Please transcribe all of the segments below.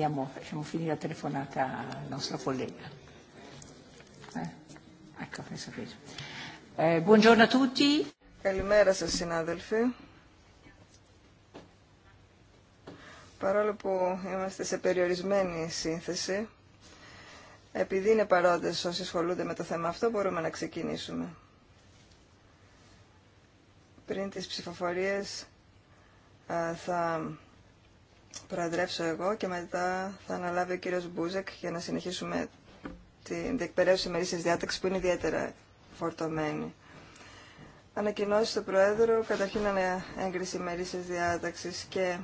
facciamo finire la telefonata al nostro Καλημέρα σας συνάδελφοι. Παρόλο που είμαστε σε περιορισμένη σύνθεση, επειδή είναι παρόντες όσοι ασχολούνται με το θέμα αυτό, μπορούμε να ξεκινήσουμε. Πριν τις ψηφοφορίες θα προεδρεύσω εγώ και μετά θα αναλάβει ο κύριος Μπούζεκ για να συνεχίσουμε την διεκπαιρέωση μερίσεις διάταξη που είναι ιδιαίτερα φορτωμένη. Ανακοινώσει του Προέδρου, καταρχήν έγκριση μερίσης διάταξης και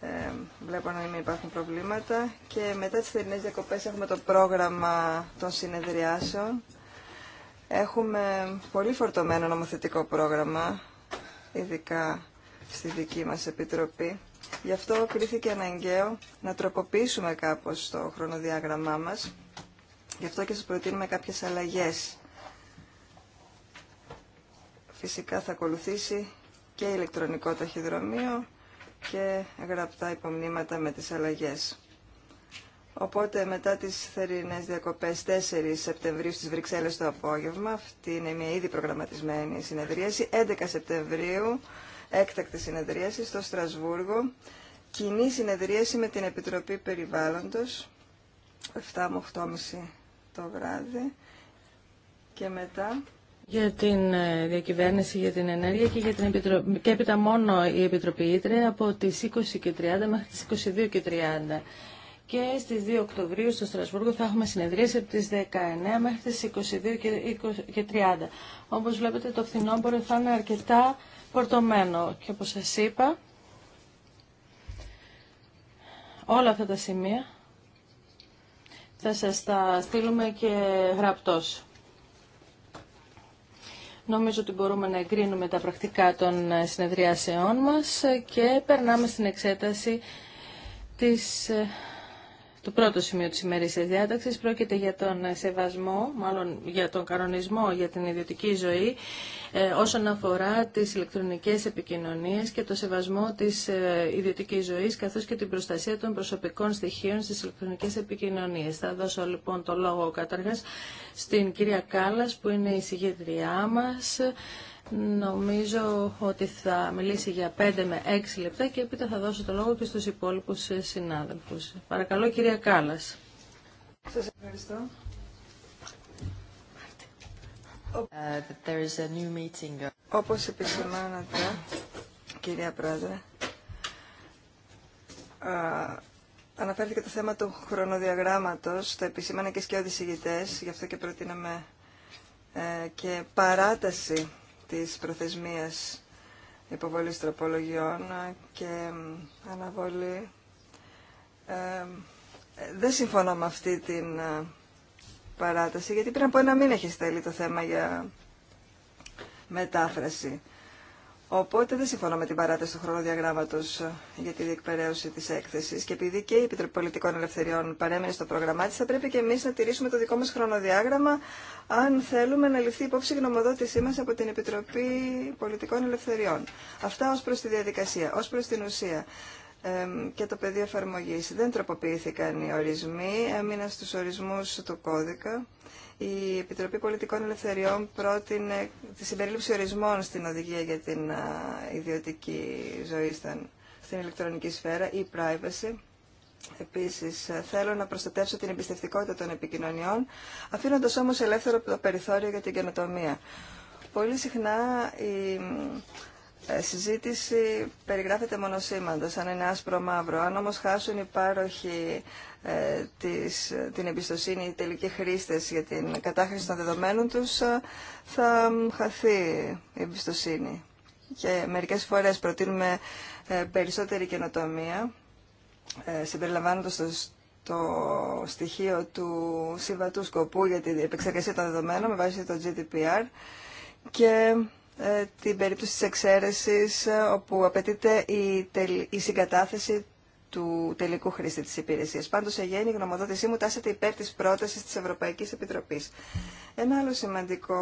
ε, βλέπω να μην υπάρχουν προβλήματα και μετά τις θερινές διακοπές έχουμε το πρόγραμμα των συνεδριάσεων. Έχουμε πολύ φορτωμένο νομοθετικό πρόγραμμα, ειδικά στη δική μας Επιτροπή. Γι' αυτό κρίθηκε αναγκαίο να τροποποιήσουμε κάπως το χρονοδιάγραμμά μας. Γι' αυτό και σας προτείνουμε κάποιες αλλαγές. Φυσικά θα ακολουθήσει και ηλεκτρονικό ταχυδρομείο και γραπτά υπομνήματα με τις αλλαγές. Οπότε μετά τις θερινές διακοπές 4 Σεπτεμβρίου στις Βρυξέλλες το απόγευμα, αυτή είναι μια ήδη προγραμματισμένη συνεδρίαση, 11 Σεπτεμβρίου έκτακτη συνεδρίαση στο Στρασβούργο, κοινή συνεδρίαση με την Επιτροπή Περιβάλλοντος, 7 με 8.30 το βράδυ και μετά για την ε, διακυβέρνηση, για την ενέργεια και για την Επιτροπή. Και έπειτα μόνο η Επιτροπή Ήτρε από τις 20 και 30 μέχρι τις 22 και 30. Και στις 2 Οκτωβρίου στο Στρασβούργο θα έχουμε συνεδρίαση από τις 19 μέχρι τις 22 και 30. Όπως βλέπετε το φθινόπωρο θα είναι αρκετά και όπως σας είπα, όλα αυτά τα σημεία θα σας τα στείλουμε και γραπτός. Νομίζω ότι μπορούμε να εγκρίνουμε τα πρακτικά των συνεδριάσεών μας και περνάμε στην εξέταση της το πρώτο σημείο της ημερήσιας διάταξης πρόκειται για τον ε, σεβασμό, μάλλον για τον κανονισμό για την ιδιωτική ζωή ε, όσον αφορά τις ηλεκτρονικές επικοινωνίες και το σεβασμό της ε, ιδιωτικής ζωής καθώς και την προστασία των προσωπικών στοιχείων στις ηλεκτρονικές επικοινωνίες. Θα δώσω λοιπόν το λόγο κατάργας στην κυρία Κάλλας που είναι η συγγέντριά μας Νομίζω ότι θα μιλήσει για 5 με 6 λεπτά και έπειτα θα δώσω το λόγο και στους υπόλοιπους συνάδελφους. Παρακαλώ κυρία Κάλλας. Σας ευχαριστώ. Όπως επισημάνατε, κυρία Πρόεδρε, αναφέρθηκε το θέμα του χρονοδιαγράμματος, το επισήμανα και σκιώδης ηγητές, γι' αυτό και προτείναμε ε, και παράταση της προθεσμίας υποβολής τροπολογιών και αναβολή. Ε, δεν συμφωνώ με αυτή την ε, παράταση, γιατί πριν από ένα μήνα έχει στέλνει το θέμα για μετάφραση. Οπότε δεν συμφωνώ με την παράταση του χρονοδιαγράμματο ε, για τη διεκπαιρέωση τη έκθεση. Και επειδή και η Επιτροπή Πολιτικών Ελευθεριών παρέμεινε στο πρόγραμμά τη, θα πρέπει και εμεί να τηρήσουμε το δικό μα χρονοδιάγραμμα, αν θέλουμε να ληφθεί υπόψη η γνωμοδότησή μα από την Επιτροπή Πολιτικών Ελευθεριών. Αυτά ω προ τη διαδικασία, ω προ την ουσία και το πεδίο εφαρμογή. Δεν τροποποιήθηκαν οι ορισμοί, έμειναν στου ορισμού του κώδικα η Επιτροπή Πολιτικών Ελευθεριών πρότεινε τη συμπερίληψη ορισμών στην οδηγία για την ιδιωτική ζωή στην ηλεκτρονική σφαίρα, η privacy. Επίσης, ε, θέλω να προστατεύσω την εμπιστευτικότητα των επικοινωνιών, αφήνοντας όμως ελεύθερο το περιθώριο για την καινοτομία. Πολύ συχνά ε, συζήτηση περιγράφεται μονοσήμαντα, σαν είναι άσπρο-μαύρο. Αν όμως χάσουν οι πάροχοι ε, της, την εμπιστοσύνη, οι τελικοί χρήστες για την κατάχρηση των δεδομένων τους, ε, θα χαθεί η εμπιστοσύνη. Και μερικές φορές προτείνουμε περισσότερη καινοτομία, ε, συμπεριλαμβάνοντας το, το στοιχείο του συμβατού σκοπού για την επεξεργασία των δεδομένων με βάση το GDPR και ε, την περίπτωση της εξαίρεσης ε, όπου απαιτείται η, η συγκατάθεση του τελικού χρήστη της υπηρεσίας. Πάντως, σε η γνωμοδότησή μου τάσεται υπέρ της πρότασης της Ευρωπαϊκής Επιτροπής. Ένα άλλο σημαντικό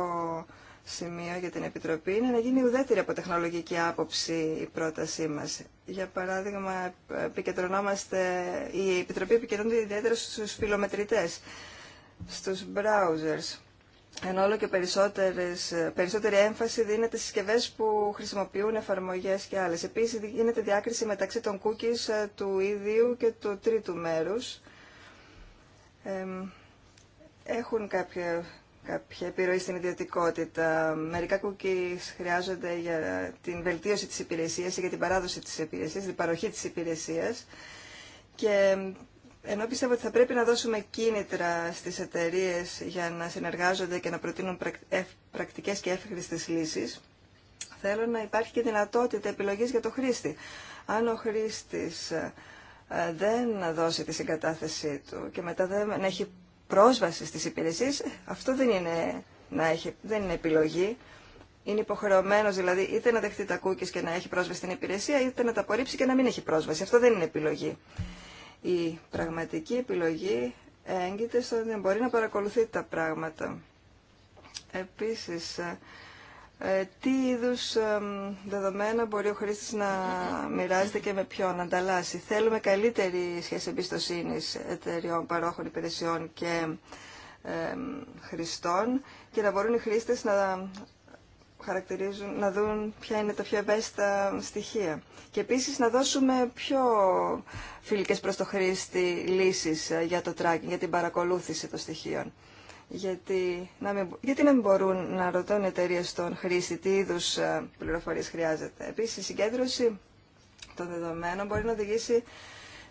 σημείο για την Επιτροπή είναι να γίνει ουδέτερη από τεχνολογική άποψη η πρότασή μας. Για παράδειγμα, επικεντρωνόμαστε, η Επιτροπή επικεντρώνεται ιδιαίτερα στους φιλομετρητές, στους browsers ενώ όλο και ε, περισσότερη έμφαση δίνεται στις συσκευέ που χρησιμοποιούν εφαρμογές και άλλες. Επίσης γίνεται διάκριση μεταξύ των cookies ε, του ίδιου και του τρίτου μέρους. έχουν κάποια, κάποια επιρροή στην ιδιωτικότητα. Μερικά cookies χρειάζονται για την βελτίωση της υπηρεσίας ή για την παράδοση της υπηρεσίας, την παροχή της υπηρεσίας. Και ενώ πιστεύω ότι θα πρέπει να δώσουμε κίνητρα στις εταιρείε για να συνεργάζονται και να προτείνουν πρακτικές και εύχριστες λύσεις, θέλω να υπάρχει και δυνατότητα επιλογής για το χρήστη. Αν ο χρήστης ε, δεν δώσει τη συγκατάθεσή του και μετά δεν έχει πρόσβαση στις υπηρεσίες, αυτό δεν είναι, να έχει, δεν είναι επιλογή. Είναι υποχρεωμένο δηλαδή είτε να δεχτεί τα κούκκι και να έχει πρόσβαση στην υπηρεσία, είτε να τα απορρίψει και να μην έχει πρόσβαση. Αυτό δεν είναι επιλογή. Η πραγματική επιλογή έγκυται στο ότι μπορεί να παρακολουθεί τα πράγματα. Επίσης, ε, ε, τι είδους ε, δεδομένα μπορεί ο χρήστης να μοιράζεται και με ποιον, να ανταλλάσσει. Θέλουμε καλύτερη σχέση εμπιστοσύνη εταιριών, παρόχων, υπηρεσιών και χρηστών και να μπορούν οι χρήστες να χαρακτηρίζουν, να δουν ποια είναι τα πιο ευαίσθητα στοιχεία. Και επίσης να δώσουμε πιο φιλικές προς το χρήστη λύσεις ε, για το tracking, για την παρακολούθηση των στοιχείων. Γιατί να μην, γιατί να μπορούν να ρωτούν οι εταιρείε στον χρήστη τι είδου ε, πληροφορίε χρειάζεται. Επίση, η συγκέντρωση των δεδομένων μπορεί να οδηγήσει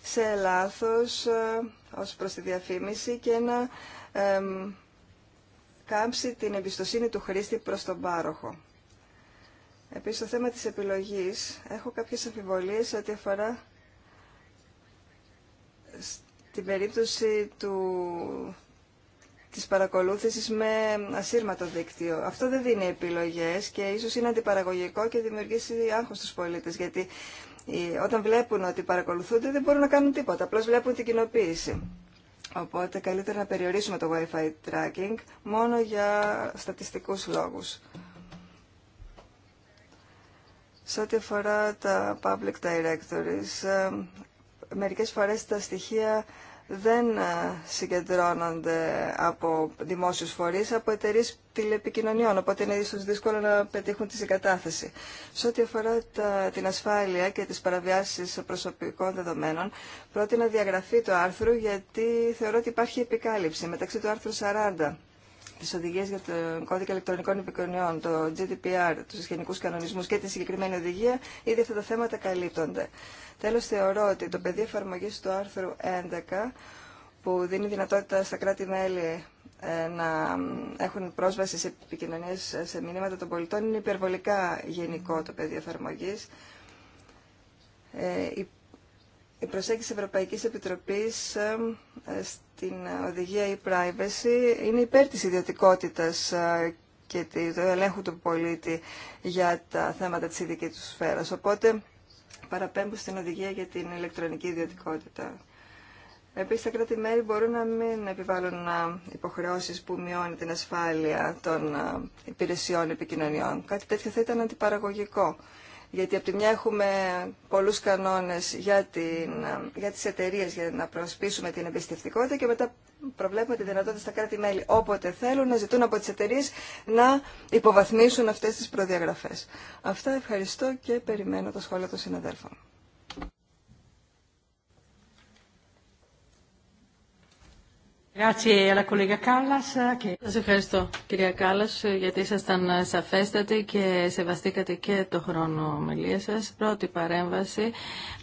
σε λάθο ε, ω προ τη διαφήμιση και να κάμψει την εμπιστοσύνη του χρήστη προς τον πάροχο. Επίσης, στο θέμα της επιλογής, έχω κάποιες αμφιβολίες ό,τι αφορά την περίπτωση του, της παρακολούθησης με ασύρματο δίκτυο. Αυτό δεν δίνει επιλογές και ίσως είναι αντιπαραγωγικό και δημιουργήσει άγχος στους πολίτες, γιατί όταν βλέπουν ότι παρακολουθούνται δεν μπορούν να κάνουν τίποτα, απλώς βλέπουν την κοινοποίηση. Οπότε καλύτερα να περιορίσουμε το Wi-Fi tracking μόνο για στατιστικούς λόγους. Σε ό,τι αφορά τα public directories, ε, μερικές φορές τα στοιχεία δεν ε, συγκεντρώνονται από δημόσιους φορείς, από εταιρείε τηλεπικοινωνιών, οπότε είναι ίσως δύσκολο να πετύχουν τη συγκατάθεση. Σε ό,τι αφορά την ασφάλεια και τις παραβιάσεις προσωπικών δεδομένων, πρότεινα διαγραφή του άρθρου γιατί θεωρώ ότι υπάρχει επικάλυψη μεταξύ του άρθρου 40 τις οδηγίε για τον κώδικα ηλεκτρονικών επικοινωνιών, το GDPR, τους γενικού κανονισμούς και τη συγκεκριμένη οδηγία, ήδη αυτά τα θέματα καλύπτονται. Τέλο θεωρώ ότι το πεδίο εφαρμογή του άρθρου 11, που δίνει δυνατότητα στα κράτη-μέλη ε, να έχουν πρόσβαση σε επικοινωνίε ε, σε μηνύματα των πολιτών, είναι υπερβολικά γενικό το πεδίο εφαρμογή. Ε, η προσέγγιση Ευρωπαϊκής Επιτροπής την οδηγία e-privacy είναι υπέρ της ιδιωτικότητας ε, και του ελέγχου του πολίτη για τα θέματα της ειδικής του σφαίρας. Οπότε παραπέμπω στην οδηγία για την ηλεκτρονική ιδιωτικότητα. Επίσης, τα κράτη-μέρη μπορούν να μην επιβάλλουν ε, υποχρεώσεις που μειώνει την ασφάλεια των ε, υπηρεσιών επικοινωνιών. Κάτι τέτοιο θα ήταν αντιπαραγωγικό. Γιατί από τη μια έχουμε πολλούς κανόνες για, την, για τις εταιρείε για να προσπίσουμε την εμπιστευτικότητα και μετά προβλέπουμε τη δυνατότητα στα κράτη-μέλη όποτε θέλουν να ζητούν από τις εταιρείε να υποβαθμίσουν αυτές τις προδιαγραφές. Αυτά ευχαριστώ και περιμένω τα σχόλια των συναδέλφων. Σας ευχαριστώ κυρία Κάλλας γιατί ήσασταν σαφέστατοι και σεβαστήκατε και το χρόνο ομιλία σας. Πρώτη παρέμβαση,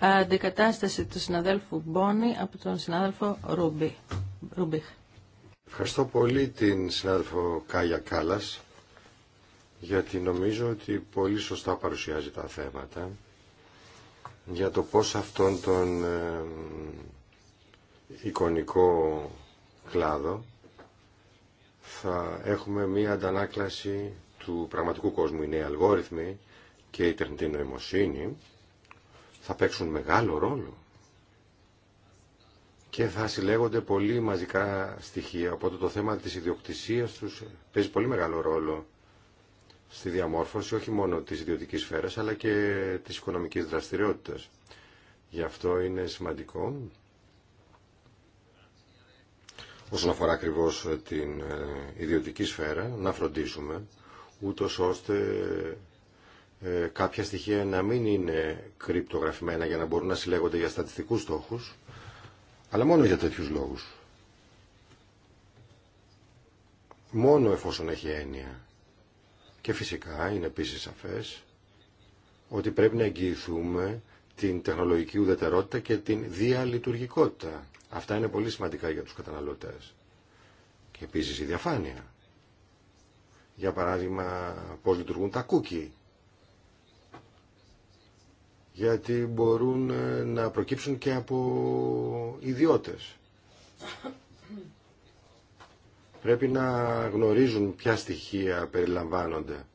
αντικατάσταση του συναδέλφου Μπόνι από τον συνάδελφο Ρούμπι. Ρούμπιχ. Ευχαριστώ πολύ την συνάδελφο Κάγια Κάλλας γιατί νομίζω ότι πολύ σωστά παρουσιάζει τα θέματα για το πώς αυτόν τον εικονικό κλάδο θα έχουμε μία αντανάκλαση του πραγματικού κόσμου. Οι νέοι αλγόριθμοι και η τεχνητή νοημοσύνη θα παίξουν μεγάλο ρόλο και θα συλλέγονται πολύ μαζικά στοιχεία. Οπότε το θέμα της ιδιοκτησίας τους παίζει πολύ μεγάλο ρόλο στη διαμόρφωση όχι μόνο της ιδιωτικής σφαίρας αλλά και της οικονομικής δραστηριότητας. Γι' αυτό είναι σημαντικό όσον αφορά ακριβώ ε, την ε, ιδιωτική σφαίρα, να φροντίσουμε ούτω ώστε ε, κάποια στοιχεία να μην είναι κρυπτογραφημένα για να μπορούν να συλλέγονται για στατιστικούς στόχους, αλλά μόνο για τέτοιους λόγους. Μόνο εφόσον έχει έννοια. Και φυσικά είναι επίσης σαφές ότι πρέπει να εγγυηθούμε την τεχνολογική ουδετερότητα και την διαλειτουργικότητα Αυτά είναι πολύ σημαντικά για τους καταναλωτές. Και επίσης η διαφάνεια. Για παράδειγμα, πώς λειτουργούν τα κούκι. Γιατί μπορούν ε, να προκύψουν και από ιδιώτες. Πρέπει να γνωρίζουν ποια στοιχεία περιλαμβάνονται.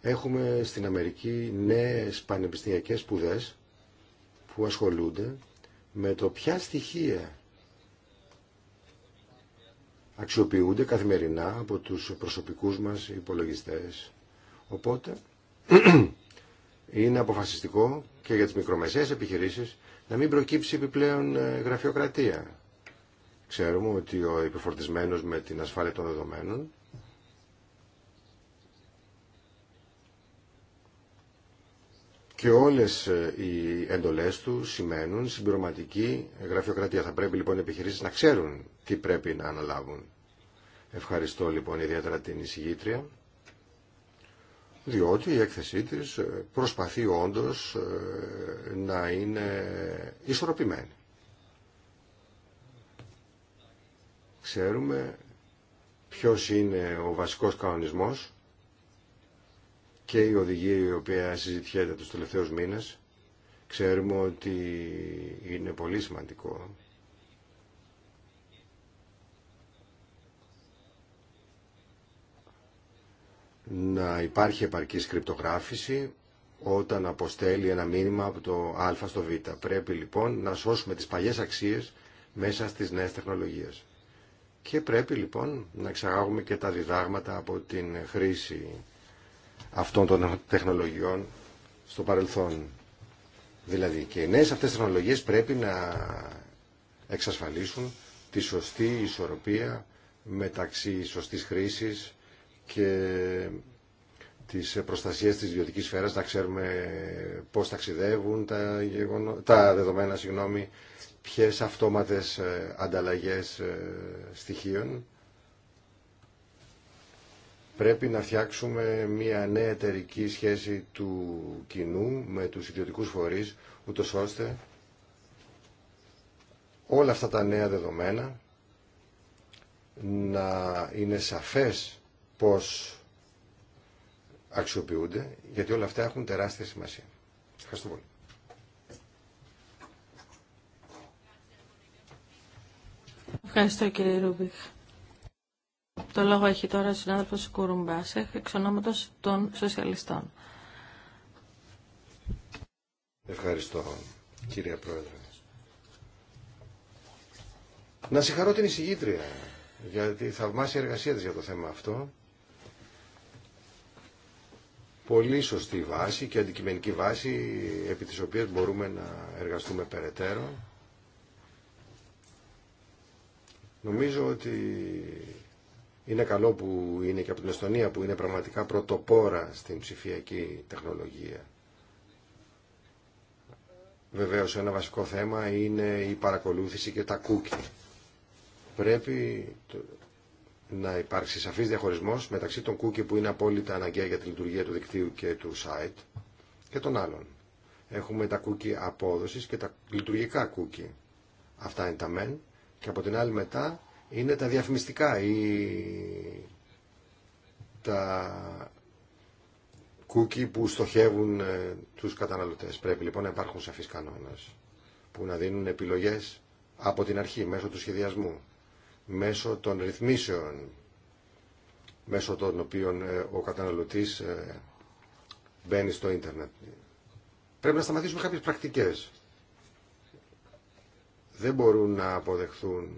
Έχουμε στην Αμερική νέες πανεπιστημιακές σπουδές που ασχολούνται με το ποια στοιχεία αξιοποιούνται καθημερινά από τους προσωπικούς μας υπολογιστές. Οπότε είναι αποφασιστικό και για τις μικρομεσαίες επιχειρήσεις να μην προκύψει επιπλέον ε, γραφειοκρατία. Ξέρουμε ότι ο υπεφορτισμένος με την ασφάλεια των δεδομένων και όλες ε, οι εντολές του σημαίνουν συμπληρωματική γραφειοκρατία. Θα πρέπει λοιπόν οι επιχειρήσεις να ξέρουν τι πρέπει να αναλάβουν. Ευχαριστώ λοιπόν ιδιαίτερα την εισηγήτρια, διότι η έκθεσή της ε, προσπαθεί όντως ε, να είναι ισορροπημένη. Ξέρουμε ποιος είναι ο βασικός κανονισμός και η οδηγία η οποία συζητιέται τους τελευταίους μήνες. Ξέρουμε ότι είναι πολύ σημαντικό να υπάρχει επαρκής κρυπτογράφηση όταν αποστέλει ένα μήνυμα από το α στο β. Πρέπει λοιπόν να σώσουμε τις παλιές αξίες μέσα στις νέες τεχνολογίες. Και πρέπει λοιπόν να εξαγάγουμε και τα διδάγματα από την χρήση αυτών των τεχνολογιών στο παρελθόν. Δηλαδή και οι νέες αυτές τεχνολογίες πρέπει να εξασφαλίσουν τη σωστή ισορροπία μεταξύ σωστής χρήσης και της προστασίας της ιδιωτικής σφαίρας, να ξέρουμε πώς ταξιδεύουν τα, τα δεδομένα, συγγνώμη, ποιες αυτόματες ε, ανταλλαγές ε, στοιχείων Πρέπει να φτιάξουμε μια νέα εταιρική σχέση του κοινού με τους ιδιωτικούς φορείς, ούτω ώστε όλα αυτά τα νέα δεδομένα να είναι σαφές πώς αξιοποιούνται, γιατί όλα αυτά έχουν τεράστια σημασία. Ευχαριστώ πολύ. Ευχαριστώ κύριε Ρούμπιχ. Το λόγο έχει τώρα ο συνάδελφος Κουρουμπάσεχ, εξ ονόματος των Σοσιαλιστών. Ευχαριστώ, κύριε Πρόεδρε. Να συγχαρώ την εισηγήτρια για τη θαυμάσια εργασία της για το θέμα αυτό. Πολύ σωστή βάση και αντικειμενική βάση επί της οποίας μπορούμε να εργαστούμε περαιτέρω. Νομίζω ότι είναι καλό που είναι και από την Εστονία που είναι πραγματικά πρωτοπόρα στην ψηφιακή τεχνολογία. Βεβαίως ένα βασικό θέμα είναι η παρακολούθηση και τα κούκκι. Πρέπει να υπάρξει σαφής διαχωρισμός μεταξύ των κούκκι που είναι απόλυτα αναγκαία για τη λειτουργία του δικτύου και του site και των άλλων. Έχουμε τα κούκκι απόδοσης και τα λειτουργικά κούκκι. Αυτά είναι τα μεν και από την άλλη μετά είναι τα διαφημιστικά ή τα κούκι που στοχεύουν ε, τους καταναλωτές. Πρέπει λοιπόν να υπάρχουν σαφείς κανόνες που να δίνουν επιλογές από την αρχή, μέσω του σχεδιασμού, μέσω των ρυθμίσεων, μέσω των οποίων ε, ο καταναλωτής ε, μπαίνει στο ίντερνετ. Πρέπει να σταματήσουμε κάποιες πρακτικές. Δεν μπορούν να αποδεχθούν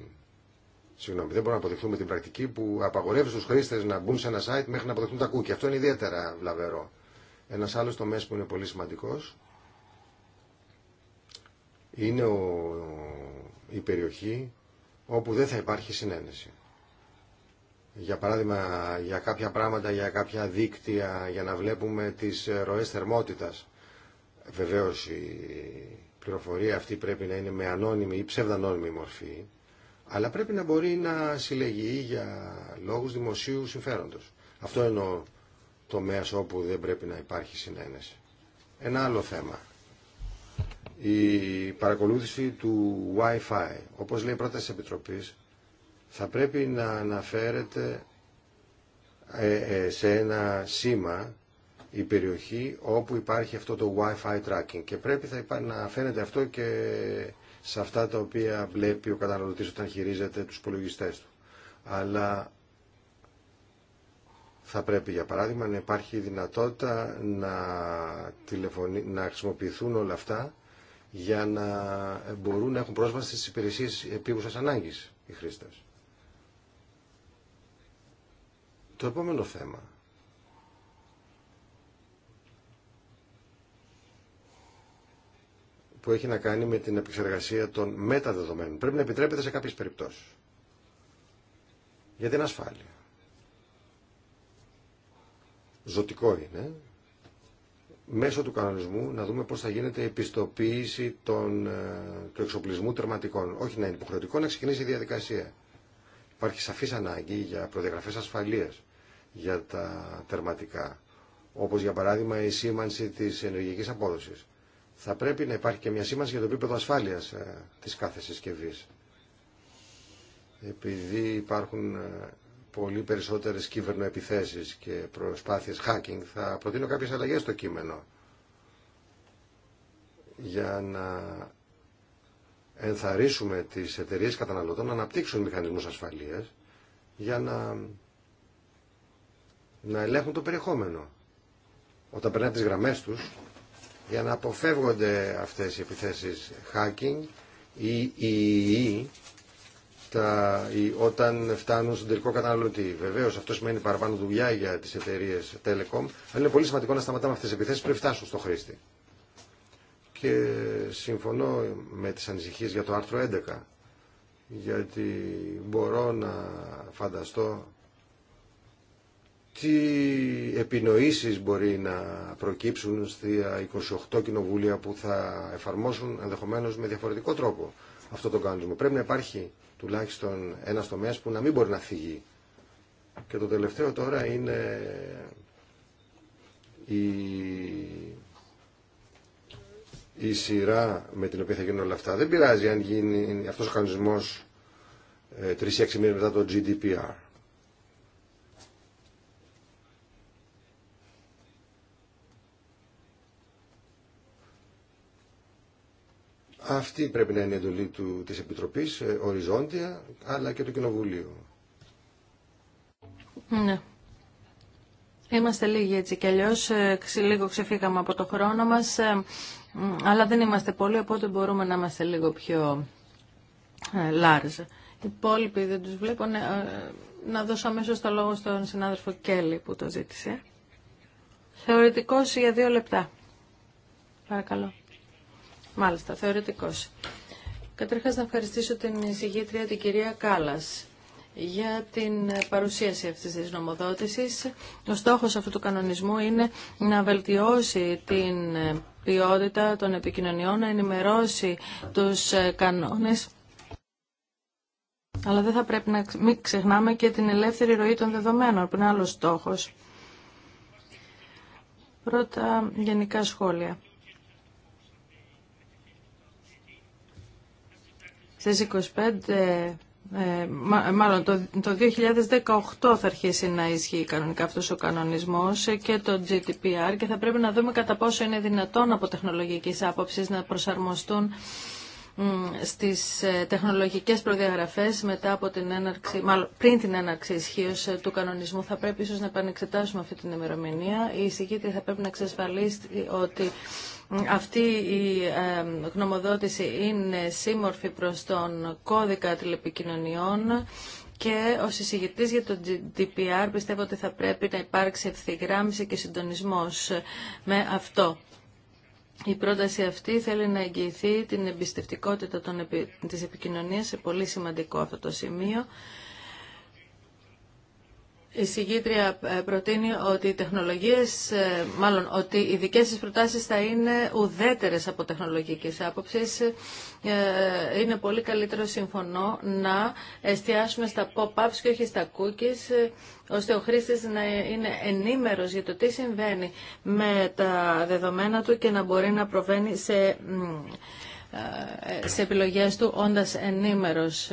Συγγνώμη, δεν μπορούμε να αποδεχθούμε την πρακτική που απαγορεύει στου χρήστε να μπουν σε ένα site μέχρι να αποδεχτούν τα κούκκι. Αυτό είναι ιδιαίτερα βλαβερό. Ένα άλλο τομέα που είναι πολύ σημαντικό είναι η περιοχή όπου δεν θα υπάρχει συνένεση. Για παράδειγμα, για κάποια πράγματα, για κάποια δίκτυα, για να βλέπουμε τις ροές θερμότητας. Βεβαίως η πληροφορία αυτή πρέπει να είναι με ανώνυμη ή ψευδανώνυμη μορφή αλλά πρέπει να μπορεί να συλλεγεί για λόγους δημοσίου συμφέροντος. Αυτό εννοώ τομέας όπου δεν πρέπει να υπάρχει συνένεση. Ένα άλλο θέμα. Η παρακολούθηση του Wi-Fi, όπως λέει η πρόταση Επιτροπής, θα πρέπει να αναφέρεται ε, ε, σε ένα σήμα η περιοχή όπου υπάρχει αυτό το Wi-Fi tracking και πρέπει θα να φαίνεται αυτό και σε αυτά τα οποία βλέπει ο καταναλωτής όταν χειρίζεται τους υπολογιστέ του. Αλλά θα πρέπει για παράδειγμα να υπάρχει δυνατότητα να, τηλεφωνη... να χρησιμοποιηθούν όλα αυτά για να μπορούν να έχουν πρόσβαση στις υπηρεσίες επίγουσας ανάγκης οι χρήστες. Το επόμενο θέμα που έχει να κάνει με την επεξεργασία των μεταδεδομένων. Πρέπει να επιτρέπεται σε κάποιες περιπτώσεις. Για την ασφάλεια. Ζωτικό είναι μέσω του κανονισμού να δούμε πώς θα γίνεται η επιστοποίηση των, ε, του εξοπλισμού τερματικών. Όχι να είναι υποχρεωτικό, να ξεκινήσει η διαδικασία. Υπάρχει σαφής ανάγκη για προδιαγραφές ασφαλείας για τα τερματικά, όπως για παράδειγμα η σήμανση της ενεργειακής απόδοσης θα πρέπει να υπάρχει και μια σήμανση για το επίπεδο ασφάλειας ε, της κάθε συσκευή. Επειδή υπάρχουν ε, πολύ περισσότερες κυβερνοεπιθέσεις και προσπάθειες hacking, θα προτείνω κάποιες αλλαγές στο κείμενο για να ενθαρρύσουμε τις εταιρείες καταναλωτών να αναπτύξουν μηχανισμούς ασφαλείας για να, να ελέγχουν το περιεχόμενο. Όταν περνάνε τις γραμμές τους, για να αποφεύγονται αυτές οι επιθέσεις hacking ή, ή, e e e, τα, ή όταν φτάνουν στον τελικό καταναλωτή. Βεβαίω αυτό σημαίνει παραπάνω δουλειά για τι εταιρείε Telecom, αλλά είναι πολύ σημαντικό να σταματάμε αυτέ τι επιθέσει πριν φτάσουν στο χρήστη. Και συμφωνώ με τι ανησυχίε για το άρθρο 11, γιατί μπορώ να φανταστώ τι επινοήσεις μπορεί να προκύψουν στα 28 κοινοβούλια που θα εφαρμόσουν ενδεχομένω με διαφορετικό τρόπο αυτό το κάνουμε. Πρέπει να υπάρχει τουλάχιστον ένας τομέας που να μην μπορεί να φύγει. Και το τελευταίο τώρα είναι η, σειρά με την οποία θα γίνουν όλα αυτά. Δεν πειράζει αν γίνει αυτός ο κανονισμός 3-6 ε, μήνες μετά το GDPR. Αυτή πρέπει να είναι η εντολή του, της Επιτροπής, ε, οριζόντια, αλλά και του Κοινοβουλίου. Ναι. Είμαστε λίγοι έτσι κι αλλιώς, ε, λίγο ξεφύγαμε από το χρόνο μας, ε, αλλά δεν είμαστε πολλοί, οπότε μπορούμε να είμαστε λίγο πιο large. Οι υπόλοιποι δεν τους βλέπω. Ναι, να δώσω αμέσως το λόγο στον συνάδελφο Κέλλη που το ζήτησε. Θεωρητικός για δύο λεπτά. Παρακαλώ. Μάλιστα, θεωρητικό. Καταρχάς να ευχαριστήσω την συγγήτρια, την κυρία Κάλλα, για την παρουσίαση αυτής της νομοδότηση. Ο στόχος αυτού του κανονισμού είναι να βελτιώσει την ποιότητα των επικοινωνιών, να ενημερώσει τους ε, κανόνες αλλά δεν θα πρέπει να μην ξεχνάμε και την ελεύθερη ροή των δεδομένων, που είναι άλλος στόχος. Πρώτα γενικά σχόλια. Στις 25 ε, μάλλον το, 2018 θα αρχίσει να ισχύει κανονικά αυτός ο κανονισμός και το GDPR και θα πρέπει να δούμε κατά πόσο είναι δυνατόν από τεχνολογικής άποψης να προσαρμοστούν στις ε, τεχνολογικές προδιαγραφές μετά από την έναρξη, μάλλον πριν την έναρξη ισχύω ε, του κανονισμού θα πρέπει ίσως να επανεξετάσουμε αυτή την ημερομηνία. Η εισηγήτρια θα πρέπει να εξασφαλίσει ότι αυτή η γνωμοδότηση είναι σύμμορφη προς τον κώδικα τηλεπικοινωνιών και ο συζητητής για το GDPR πιστεύω ότι θα πρέπει να υπάρξει ευθυγράμμιση και συντονισμός με αυτό. Η πρόταση αυτή θέλει να εγγυηθεί την εμπιστευτικότητα των, της επικοινωνίας, σε πολύ σημαντικό αυτό το σημείο, η συγκήτρια ε, προτείνει ότι οι τεχνολογίες, ε, μάλλον ότι οι δικές της προτάσεις θα είναι ουδέτερες από τεχνολογικές άποψης. Ε, είναι πολύ καλύτερο, συμφωνώ, να εστιάσουμε στα pop-ups και όχι στα cookies, ώστε ο χρήστης να είναι ενήμερος για το τι συμβαίνει με τα δεδομένα του και να μπορεί να προβαίνει σε, σε επιλογές του όντας ενήμερος.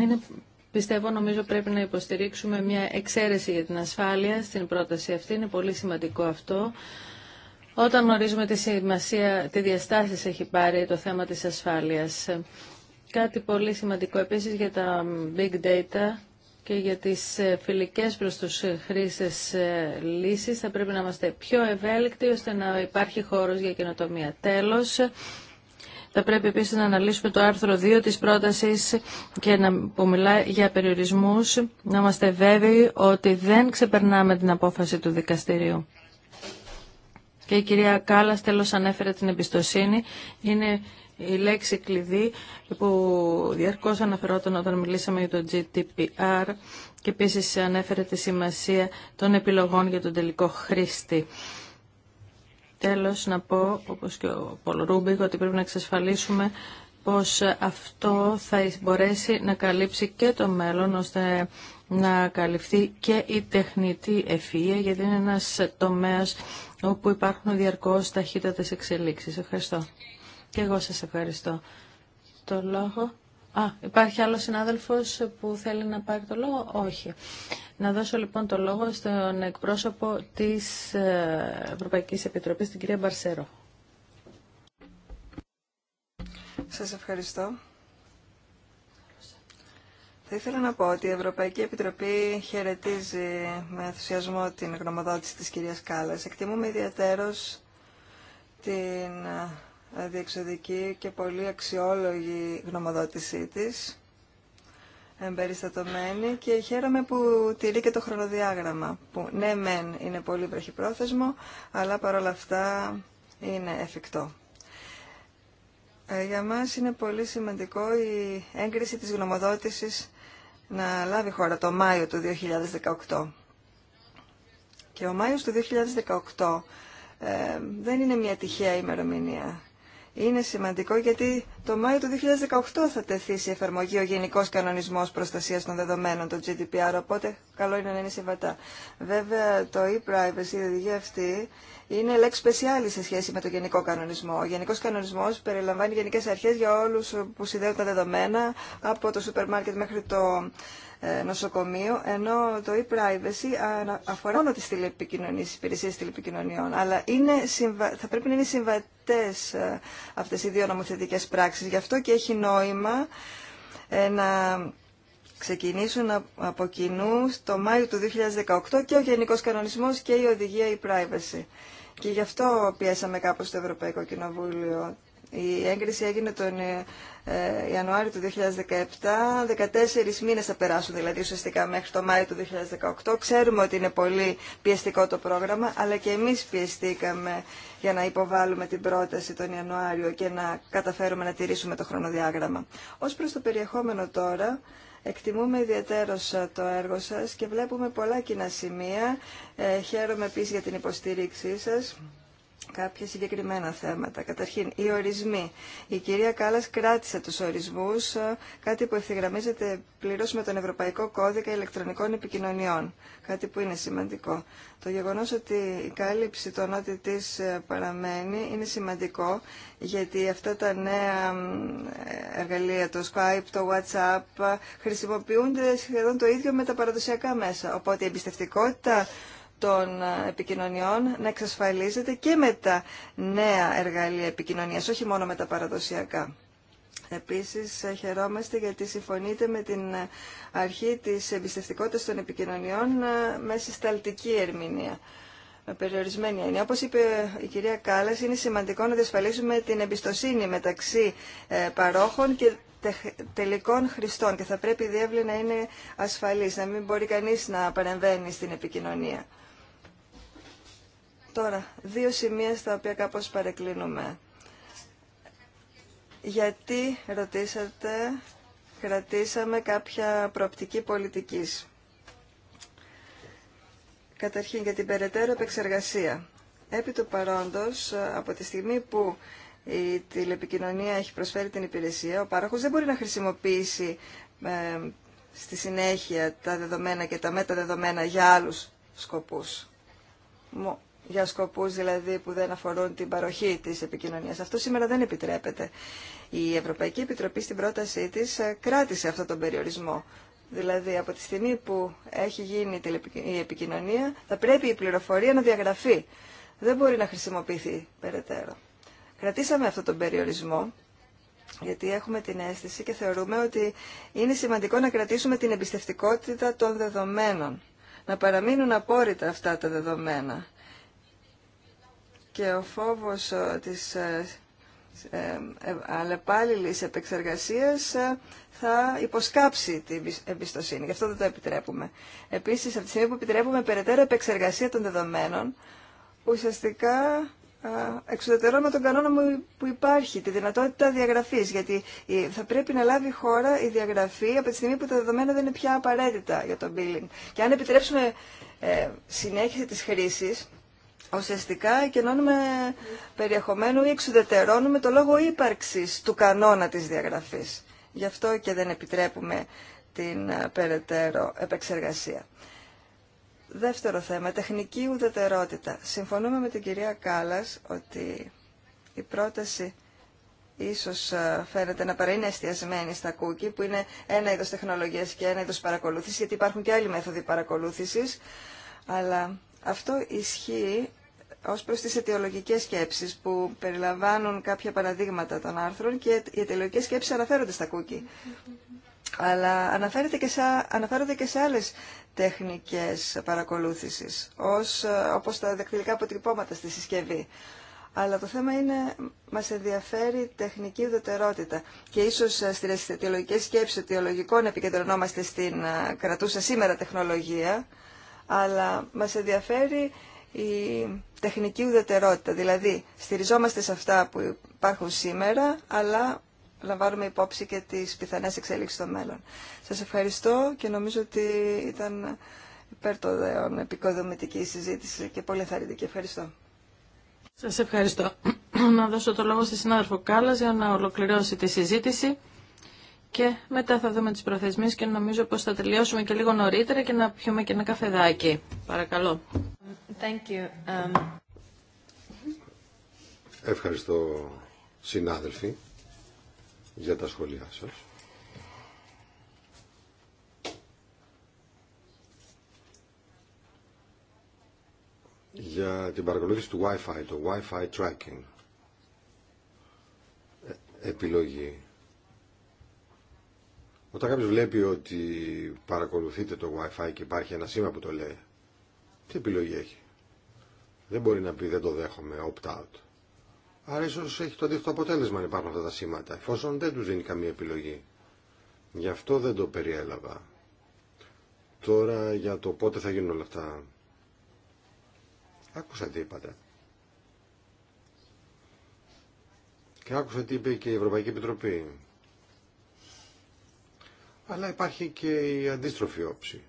Είναι Πιστεύω, νομίζω πρέπει να υποστηρίξουμε μια εξαίρεση για την ασφάλεια στην πρόταση αυτή. Είναι πολύ σημαντικό αυτό. Όταν γνωρίζουμε τη σημασία, τη διαστάσεις έχει πάρει το θέμα της ασφάλειας. Κάτι πολύ σημαντικό επίσης για τα big data και για τις ε, φιλικές προς τους ε, χρήστες ε, λύσεις θα πρέπει να είμαστε πιο ευέλικτοι ώστε να υπάρχει χώρος για καινοτομία. Τέλος, θα πρέπει επίσης να αναλύσουμε το άρθρο 2 της πρότασης και να, που μιλάει για περιορισμούς, να είμαστε βέβαιοι ότι δεν ξεπερνάμε την απόφαση του δικαστηρίου. Και η κυρία Κάλλας τέλος ανέφερε την εμπιστοσύνη. Είναι η λέξη κλειδί που διαρκώς αναφερόταν όταν μιλήσαμε για το GDPR και επίσης ανέφερε τη σημασία των επιλογών για τον τελικό χρήστη. Τέλος να πω, όπως και ο Πολ ότι πρέπει να εξασφαλίσουμε πως αυτό θα μπορέσει να καλύψει και το μέλλον, ώστε να καλυφθεί και η τεχνητή ευφυΐα, γιατί είναι ένας τομέας όπου υπάρχουν διαρκώς ταχύτατες εξελίξεις. Ευχαριστώ. Και εγώ σας ευχαριστώ. Το λόγο... Α, υπάρχει άλλος συνάδελφος που θέλει να πάρει το λόγο. Όχι. Να δώσω λοιπόν το λόγο στον εκπρόσωπο της ε, Ευρωπαϊκής Επιτροπής, την κυρία Μπαρσέρο. Σας ευχαριστώ. Θα ήθελα να πω ότι η Ευρωπαϊκή Επιτροπή χαιρετίζει με ενθουσιασμό την γνωμοδότηση της κυρίας Κάλλας. Εκτιμούμε ιδιαίτερως την ε, διεξοδική και πολύ αξιόλογη γνωμοδότησή της εμπεριστατωμένη και χαίρομαι που τηρεί και το χρονοδιάγραμμα που ναι μεν είναι πολύ βραχυπρόθεσμο αλλά παρόλα αυτά είναι εφικτό. Ε, για μας είναι πολύ σημαντικό η έγκριση της γνωμοδότησης να λάβει χώρα το Μάιο του 2018. Και ο Μάιος του 2018 ε, δεν είναι μια τυχαία ημερομηνία είναι σημαντικό γιατί το Μάιο του 2018 θα τεθεί σε εφαρμογή ο Γενικό Κανονισμός Προστασίας των Δεδομένων, το GDPR, οπότε καλό είναι να είναι συμβατά. Βέβαια το e-privacy, η οδηγία αυτή, είναι λέξη specialis σε σχέση με το Γενικό Κανονισμό. Ο Γενικό Κανονισμός περιλαμβάνει γενικές αρχές για όλους που συνδέουν τα δεδομένα, από το σούπερ μάρκετ μέχρι το ε, νοσοκομείο, ενώ το e-privacy αφορά μόνο τις τηλεπικοινωνίες, υπηρεσίες τηλεπικοινωνιών, αλλά είναι θα πρέπει να είναι συμβατές ε, αυτές οι δύο νομοθετικές πράξεις. Γι' αυτό και έχει νόημα ε, να ξεκινήσουν από κοινού το Μάιο του 2018 και ο Γενικός Κανονισμός και η Οδηγία e-Privacy. Και γι' αυτό πιέσαμε κάπως το Ευρωπαϊκό Κοινοβούλιο η έγκριση έγινε τον ε, ε, Ιανουάριο του 2017, 14 μήνες θα περάσουν δηλαδή ουσιαστικά μέχρι το Μάιο του 2018. Ξέρουμε ότι είναι πολύ πιεστικό το πρόγραμμα, αλλά και εμείς πιεστήκαμε για να υποβάλουμε την πρόταση τον Ιανουάριο και να καταφέρουμε να τηρήσουμε το χρονοδιάγραμμα. Ως προς το περιεχόμενο τώρα, Εκτιμούμε ιδιαίτερος ε, το έργο σας και βλέπουμε πολλά κοινά σημεία. χαίρομαι επίσης για την υποστήριξή σας κάποια συγκεκριμένα θέματα. Καταρχήν, οι ορισμοί. Η κυρία Κάλλας κράτησε τους ορισμούς, ε, κάτι που ευθυγραμμίζεται πλήρως με τον Ευρωπαϊκό Κώδικα Ηλεκτρονικών Επικοινωνιών, κάτι που είναι σημαντικό. Το γεγονός ότι η κάλυψη των ότι της ε, παραμένει είναι σημαντικό, γιατί αυτά τα νέα εργαλεία, το Skype, το WhatsApp, ε, χρησιμοποιούνται σχεδόν το ίδιο με τα παραδοσιακά μέσα. Οπότε η εμπιστευτικότητα των ε, επικοινωνιών να εξασφαλίζεται και με τα νέα εργαλεία επικοινωνίας, όχι μόνο με τα παραδοσιακά. Επίσης, ε, χαιρόμαστε γιατί συμφωνείτε με την ε, αρχή της εμπιστευτικότητας των επικοινωνιών με συσταλτική ερμηνεία. Με περιορισμένη έννοια. Όπως είπε η κυρία Κάλλας, είναι σημαντικό να διασφαλίσουμε την εμπιστοσύνη μεταξύ παρόχων και τελικών χρηστών και θα πρέπει η διεύλη να είναι ασφαλής, να μην μπορεί κανείς να παρεμβαίνει στην επικοινωνία. Τώρα, δύο σημεία στα οποία κάπως παρεκκλίνουμε. Γιατί, ρωτήσατε, κρατήσαμε κάποια προοπτική πολιτικής. Καταρχήν για την περαιτέρω επεξεργασία. Επί του παρόντος, από τη στιγμή που η τηλεπικοινωνία έχει προσφέρει την υπηρεσία, ο πάροχος δεν μπορεί να χρησιμοποιήσει ε, στη συνέχεια τα δεδομένα και τα μεταδεδομένα για άλλους σκοπούς για σκοπούς δηλαδή που δεν αφορούν την παροχή της επικοινωνίας. Αυτό σήμερα δεν επιτρέπεται. Η Ευρωπαϊκή Επιτροπή στην πρότασή της ε, κράτησε αυτόν τον περιορισμό. Δηλαδή από τη στιγμή που έχει γίνει η επικοινωνία θα πρέπει η πληροφορία να διαγραφεί. Δεν μπορεί να χρησιμοποιηθεί περαιτέρω. Κρατήσαμε αυτόν τον περιορισμό γιατί έχουμε την αίσθηση και θεωρούμε ότι είναι σημαντικό να κρατήσουμε την εμπιστευτικότητα των δεδομένων. Να παραμείνουν απόρριτα αυτά τα δεδομένα και ο φόβος ε, της ε, ε, αλλεπάλληλης επεξεργασίας θα υποσκάψει την εμπιστοσύνη. Γι' αυτό δεν το επιτρέπουμε. Επίσης, από τη στιγμή που επιτρέπουμε περαιτέρω επεξεργασία των δεδομένων, ουσιαστικά εξουδετερώνουμε τον κανόνα που υπάρχει, τη δυνατότητα διαγραφής, γιατί θα πρέπει να λάβει η χώρα η διαγραφή από τη στιγμή που τα δεδομένα δεν είναι πια απαραίτητα για το billing. Και αν επιτρέψουμε συνέχιση της χρήσης, ουσιαστικά εκενώνουμε περιεχομένου ή εξουδετερώνουμε το λόγο ύπαρξης του κανόνα της διαγραφής. Γι' αυτό και δεν επιτρέπουμε την ε, περαιτέρω επεξεργασία. Δεύτερο θέμα, τεχνική ουδετερότητα. Συμφωνούμε με την κυρία Κάλλας ότι η πρόταση ίσως ε, φαίνεται να παραίνει εστιασμένη στα κούκκι, που είναι ένα είδος τεχνολογίας και ένα είδος παρακολούθησης, γιατί υπάρχουν και άλλοι μέθοδοι παρακολούθησης, αλλά αυτό ισχύει ως προς τις αιτιολογικές σκέψεις που περιλαμβάνουν κάποια παραδείγματα των άρθρων και οι αιτιολογικές σκέψεις αναφέρονται στα κούκκι. Αλλά αναφέρεται και σε, αναφέρονται και σε άλλες τεχνικές παρακολούθησης, ως, ε, όπως τα δεκτυλικά αποτυπώματα στη συσκευή. Αλλά το θέμα είναι, μας ενδιαφέρει τεχνική ουδετερότητα και ίσως ε, στις αιτιολογικές σκέψεις αιτιολογικών επικεντρωνόμαστε στην ε, κρατούσα σήμερα τεχνολογία, αλλά μας ενδιαφέρει η τεχνική ουδετερότητα. Δηλαδή, στηριζόμαστε σε αυτά που υπάρχουν σήμερα, αλλά λαμβάνουμε υπόψη και τις πιθανές εξέλιξεις στο μέλλον. Σας ευχαριστώ και νομίζω ότι ήταν υπέρ των δεών επικοδομητική συζήτηση και πολύ ενθαρρυντική. Ευχαριστώ. Σας ευχαριστώ. να δώσω το λόγο στη συνάδελφο Κάλλας για να ολοκληρώσει τη συζήτηση και μετά θα δούμε τις προθεσμίες και νομίζω πως θα τελειώσουμε και λίγο νωρίτερα και να πιούμε και ένα καφεδάκι. Παρακαλώ. Thank you. Um... Ευχαριστώ συνάδελφοι για τα σχόλιά σας. για την παρακολούθηση του Wi-Fi, το Wi-Fi tracking. Ε, επιλογή. Όταν κάποιο βλέπει ότι παρακολουθείτε το Wi-Fi και υπάρχει ένα σήμα που το λέει, τι επιλογή έχει. Δεν μπορεί να πει δεν το δέχομαι, opt-out. Άρα ίσω έχει το αντίθετο αποτέλεσμα αν υπάρχουν αυτά τα σήματα, εφόσον δεν του δίνει καμία επιλογή. Γι' αυτό δεν το περιέλαβα. Τώρα για το πότε θα γίνουν όλα αυτά. Άκουσα τι είπατε. Και άκουσα τι είπε και η Ευρωπαϊκή Επιτροπή. Αλλά υπάρχει και η αντίστροφη όψη.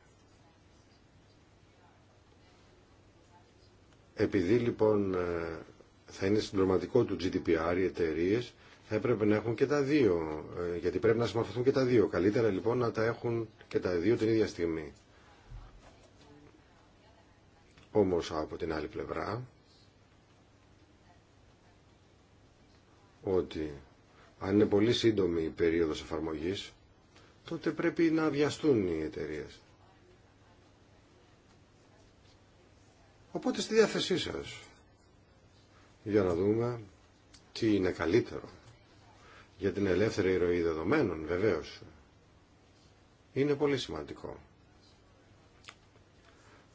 Επειδή λοιπόν ε, θα είναι συντροματικό του GDPR οι εταιρείε, θα έπρεπε να έχουν και τα δύο, ε, γιατί πρέπει να συμμορφωθούν και τα δύο. Καλύτερα λοιπόν να τα έχουν και τα δύο την ίδια στιγμή. Όμως από την άλλη πλευρά, ότι αν είναι πολύ σύντομη η περίοδος εφαρμογής, τότε πρέπει να βιαστούν οι εταιρείε. Οπότε στη διάθεσή σας για να δούμε τι είναι καλύτερο για την ελεύθερη ροή δεδομένων βεβαίως είναι πολύ σημαντικό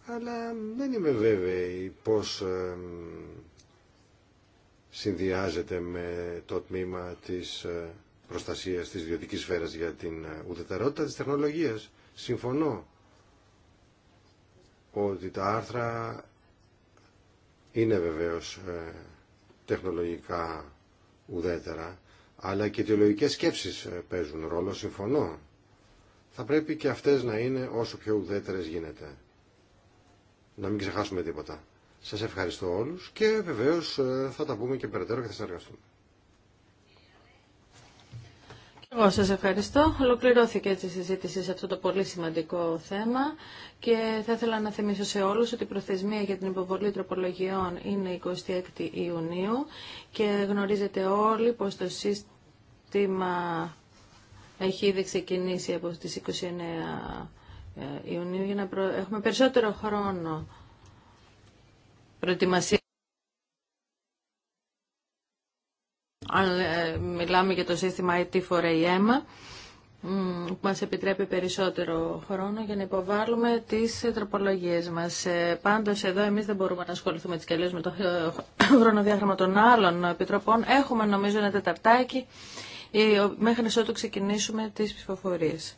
αλλά δεν είμαι βέβαιη πως συνδυάζεται με το τμήμα της ε, προστασία της ιδιωτική σφαίρας για την ε, ουδετερότητα τη τεχνολογίας. Συμφωνώ ότι τα άρθρα είναι βεβαίως ε, τεχνολογικά ουδέτερα, αλλά και οι ιδεολογικές σκέψεις ε, παίζουν ρόλο, συμφωνώ. Θα πρέπει και αυτές να είναι όσο πιο ουδέτερες γίνεται. Να μην ξεχάσουμε τίποτα. Σας ευχαριστώ όλους και βεβαίως θα τα πούμε και περαιτέρω και θα συνεργαστούμε. Εγώ σας ευχαριστώ. Ολοκληρώθηκε έτσι η συζήτηση σε αυτό το πολύ σημαντικό θέμα και θα ήθελα να θυμίσω σε όλους ότι η προθεσμία για την υποβολή τροπολογιών είναι 26 Ιουνίου και γνωρίζετε όλοι πως το σύστημα έχει ήδη ξεκινήσει από τις 29 ε, Ιουνίου για να έχουμε περισσότερο χρόνο προετοιμασία. αν ε, μιλάμε για το σύστημα IT4AM που μας επιτρέπει περισσότερο χρόνο για να υποβάλουμε τις τροπολογίες μας. Ε, πάντως εδώ εμείς δεν μπορούμε να ασχοληθούμε τις κελίες με το ε, χρονοδιάγραμμα των άλλων επιτροπών. Έχουμε νομίζω ένα τεταρτάκι μέχρι να ξεκινήσουμε τις ψηφοφορίες.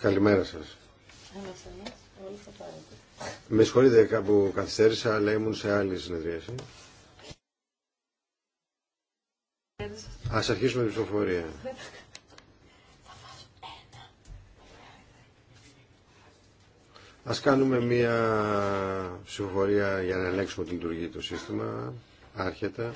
Καλημέρα σας. Με συγχωρείτε κάπου καθυστέρησα, αλλά ήμουν σε άλλη συνεδρίαση. Ας αρχίσουμε την ψηφοφορία. Ας κάνουμε μία ψηφοφορία για να ελέγξουμε τη λειτουργία του σύστημα. Άρχεται.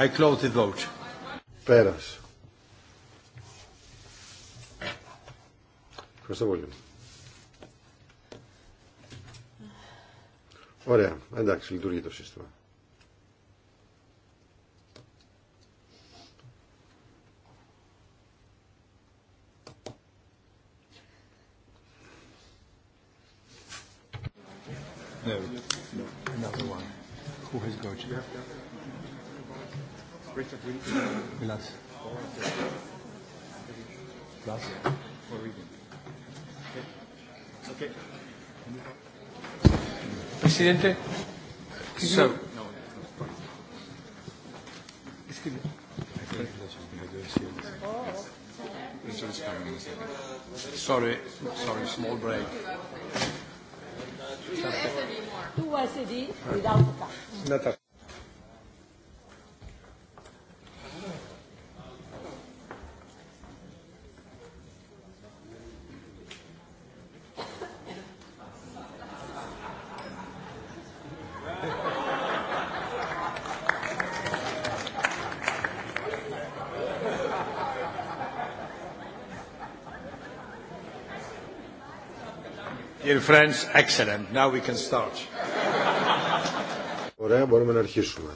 I close the vote. Πέρασε. Ευχαριστώ πολύ. Ωραία. Εντάξει, λειτουργεί το σύστημα. No, no, another one. Who has got you? Relax. Presidente. Sorry, sorry, small break. Two without the Ωραία, μπορούμε να αρχίσουμε.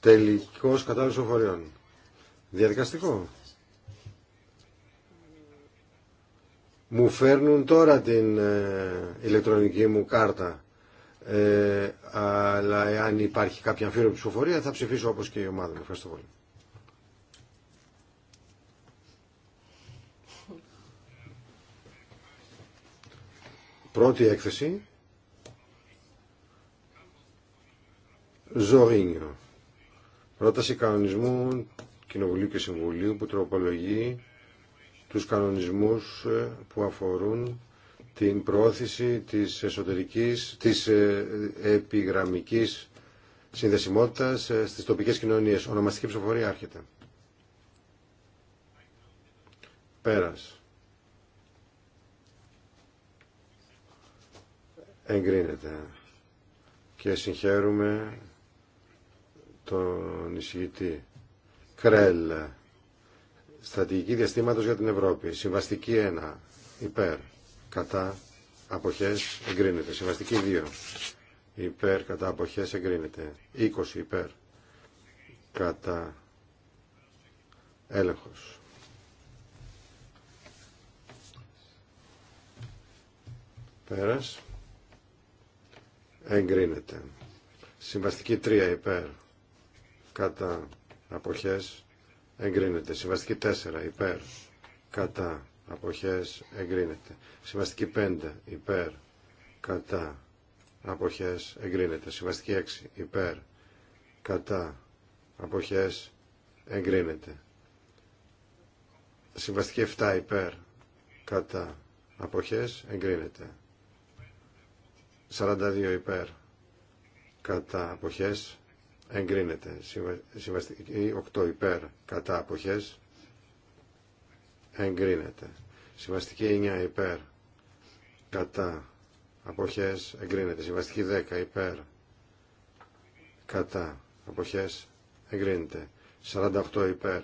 Τελικός κατάλληλος οφοριών. Διαδικαστικό. Μου φέρνουν τώρα την ε, ηλεκτρονική μου κάρτα. Ε, αλλά εάν υπάρχει κάποια αμφίροπη ψηφοφορία θα ψηφίσω όπως και η ομάδα μου. Ευχαριστώ πολύ. πρώτη έκθεση Ζωρίνιο πρόταση κανονισμού Κοινοβουλίου και Συμβουλίου που τροπολογεί τους κανονισμούς ε, που αφορούν την προώθηση της εσωτερικής, της ε, επιγραμμικής συνδεσιμότητας ε, στις τοπικές κοινωνίες. Ονομαστική ψηφοφορία άρχεται. Πέρας. εγκρίνεται και συγχαίρουμε τον εισηγητή Κρέλ στρατηγική διαστήματος για την Ευρώπη συμβαστική 1 υπέρ κατά αποχές εγκρίνεται συμβαστική 2 υπέρ κατά αποχές εγκρίνεται 20 υπέρ κατά έλεγχος πέρας εγκρίνεται. Συμβαστική 3 υπέρ κατά αποχές εγκρίνεται. Συμβαστική 4 υπέρ κατά αποχές εγκρίνεται. Συμβαστική 5 υπέρ κατά αποχές εγκρίνεται. Συμβαστική 6 υπέρ κατά αποχές εγκρίνεται. Συμβαστική 7 υπέρ κατά αποχές εγκρίνεται. 42 υπέρ κατά αποχές εγκρίνεται. Συμβαστική 8 υπέρ κατά αποχές εγκρίνεται. Συμβαστική 9 υπέρ κατά αποχές εγκρίνεται. Συμβαστική 10 υπέρ κατά αποχές εγκρίνεται. 48 υπέρ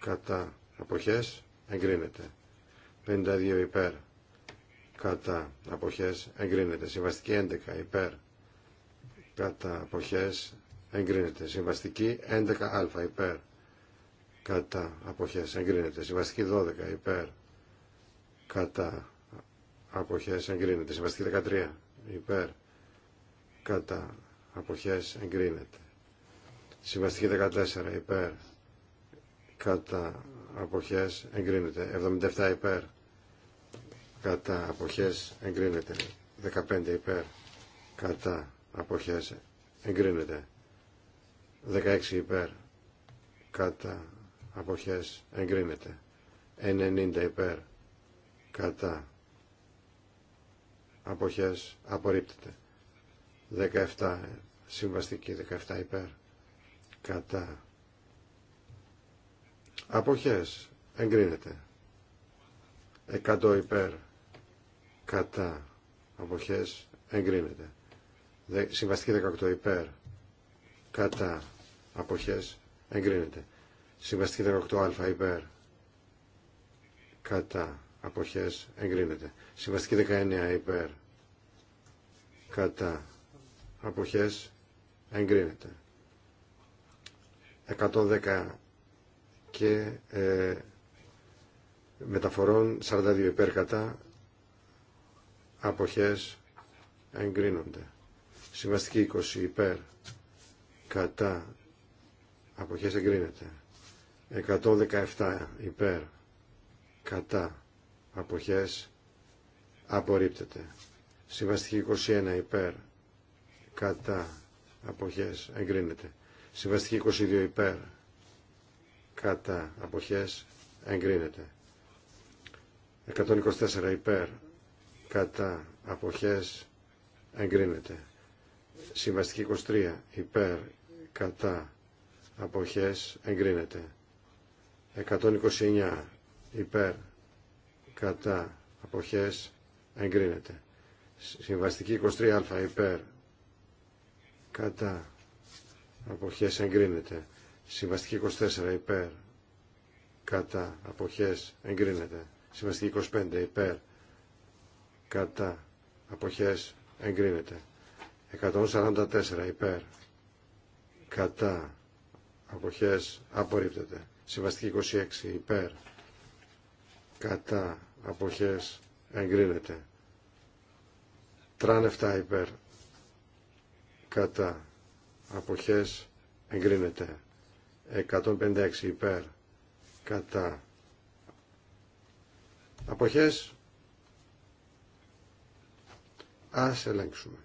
κατά αποχές εγκρίνεται. 52 υπέρ κατά αποχές εγκρίνεται. Συμβαστική 11 υπέρ κατά αποχές εγκρίνεται. Συμβαστική 11α υπέρ κατά αποχές εγκρίνεται. Συμβαστική 12 υπέρ κατά αποχές εγκρίνεται. Συμβαστική 13 υπέρ κατά αποχές εγκρίνεται. Συμβαστική 14 υπέρ κατά αποχές εγκρίνεται. 77 υπέρ κατά αποχές εγκρίνεται 15 υπέρ κατά αποχές εγκρίνεται 16 υπέρ κατά αποχές εγκρίνεται 90 υπέρ κατά αποχές απορρίπτεται 17 συμβαστική 17 υπέρ κατά αποχές εγκρίνεται 100 υπέρ κατά αποχές εγκρίνεται συμβαστική 18 υπέρ κατά αποχές εγκρίνεται συμβαστική 18α υπέρ κατά αποχές εγκρίνεται συμβαστική 19 υπέρ κατά αποχές εγκρίνεται 110 και ε, μεταφορών 42 υπέρ κατά αποχές εγκρίνονται. Συμβαστική 20 υπέρ κατά αποχές εγκρίνεται. 117 υπέρ κατά αποχές απορρίπτεται. Συμβαστική 21 υπέρ κατά αποχές εγκρίνεται. Συμβαστική 22 υπέρ κατά αποχές εγκρίνεται. 124 υπέρ κατά αποχές εγκρίνεται. Συμβαστική 23 υπέρ κατά αποχές εγκρίνεται. 129 υπέρ κατά αποχές εγκρίνεται. Συμβαστική 23α υπέρ κατά αποχές εγκρίνεται. Συμβαστική 24 υπέρ κατά αποχές εγκρίνεται. Συμβαστική 25 υπέρ κατά αποχές εγκρίνεται 144 υπέρ κατά αποχές απορρίπτεται συμβαστική 26 υπέρ κατά αποχές εγκρίνεται τραν υπέρ κατά αποχές εγκρίνεται 156 υπέρ κατά αποχές Ας ελέγξουμε.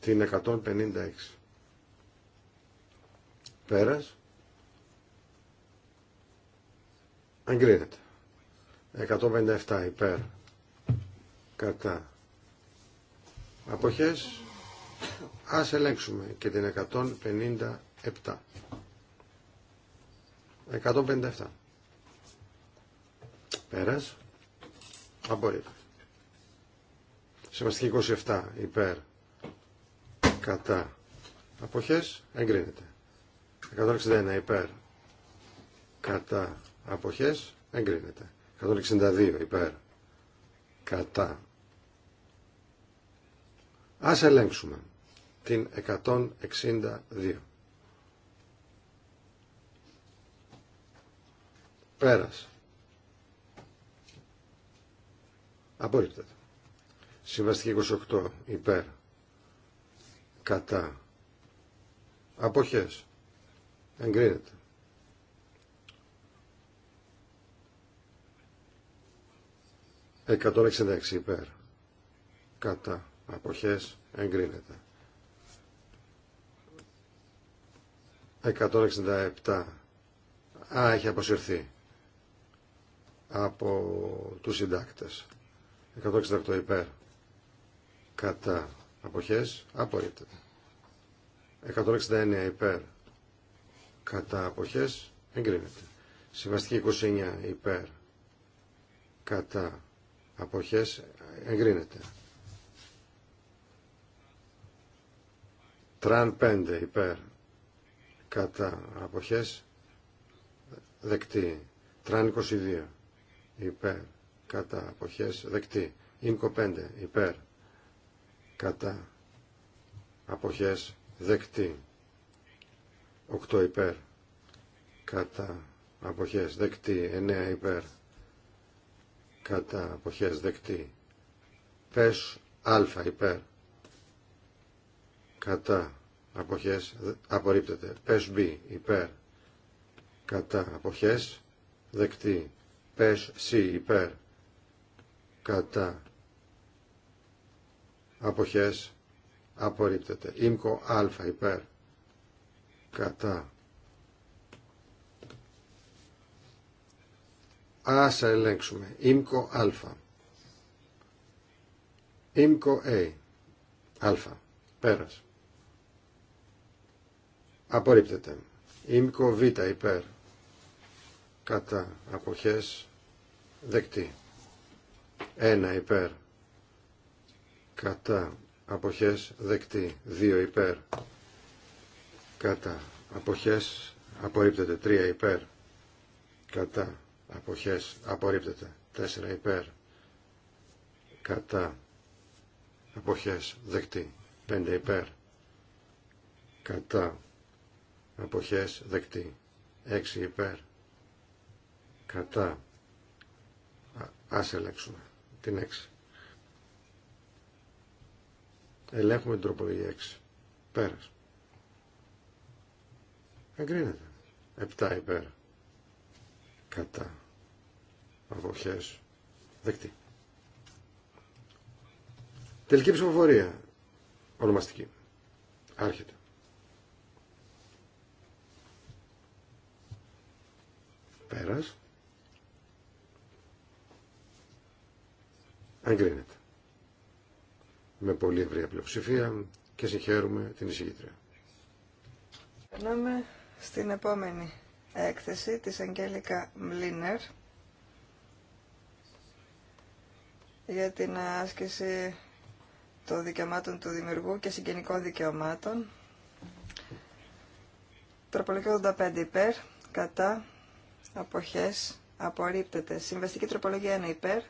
Την 156. Πέρας. Αγκρίνεται. 157 υπέρ. Κατά. Αποχές. Ας ελέγξουμε και την 157. 157. Πέρας. Απορρίπτω. Συμβαστική 27 υπέρ κατά αποχές εγκρίνεται. 161 υπέρ κατά αποχές εγκρίνεται. 162 υπέρ κατά. Ας ελέγξουμε την 162. Πέρας. Απορρίπτεται. Συμβαστική 28 υπέρ κατά αποχές εγκρίνεται. 166 υπέρ κατά αποχές εγκρίνεται. 167 Α, έχει αποσυρθεί από τους συντάκτες. 168 υπέρ κατά αποχές απορρίπτεται 169 υπέρ κατά αποχές εγκρίνεται συμβαστική 29 υπέρ κατά αποχές εγκρίνεται τραν 5 υπέρ κατά αποχές δεκτή τραν 22 υπέρ κατά αποχές δεκτή ίνκο 5 υπέρ κατά αποχές δεκτή 8 υπέρ κατά αποχές δεκτή 9 υπέρ κατά αποχές δεκτή πες α υπέρ κατά αποχές απορρίπτεται πες β υπέρ κατά αποχές δεκτή πες σ υπέρ κατά αποχές απορρίπτεται. Ήμκο α υπέρ κατά. Άσα ελέγξουμε. Ήμκο α. Ήμκο Α ε. Α. Πέρας. Απορρίπτεται. Ήμκο β υπέρ κατά αποχές δεκτή. Ένα υπέρ κατά αποχές δεκτή 2 υπέρ κατά αποχές απορρίπτεται 3 υπέρ κατά αποχές απορρίπτεται 4 υπέρ κατά αποχές δεκτή 5 υπέρ κατά αποχές δεκτή 6 υπέρ κατά Ασέλεξουμε την 6 Ελέγχουμε την τροπολογία 6. Πέρας. Εγκρίνεται. 7 υπέρ. Κατά. Αποχές. Δεκτή. Τελική ψηφοφορία. Ονομαστική. Άρχεται. Πέρας. Εγκρίνεται με πολύ ευρία πλειοψηφία και συγχαίρουμε την εισηγήτρια. Περνάμε στην επόμενη έκθεση της Αγγέλικα Μλίνερ για την άσκηση των δικαιωμάτων του δημιουργού και συγγενικών δικαιωμάτων. Τροπολογία 85 υπέρ, κατά, αποχές, απορρίπτεται. Συμβαστική τροπολογία 1 υπέρ,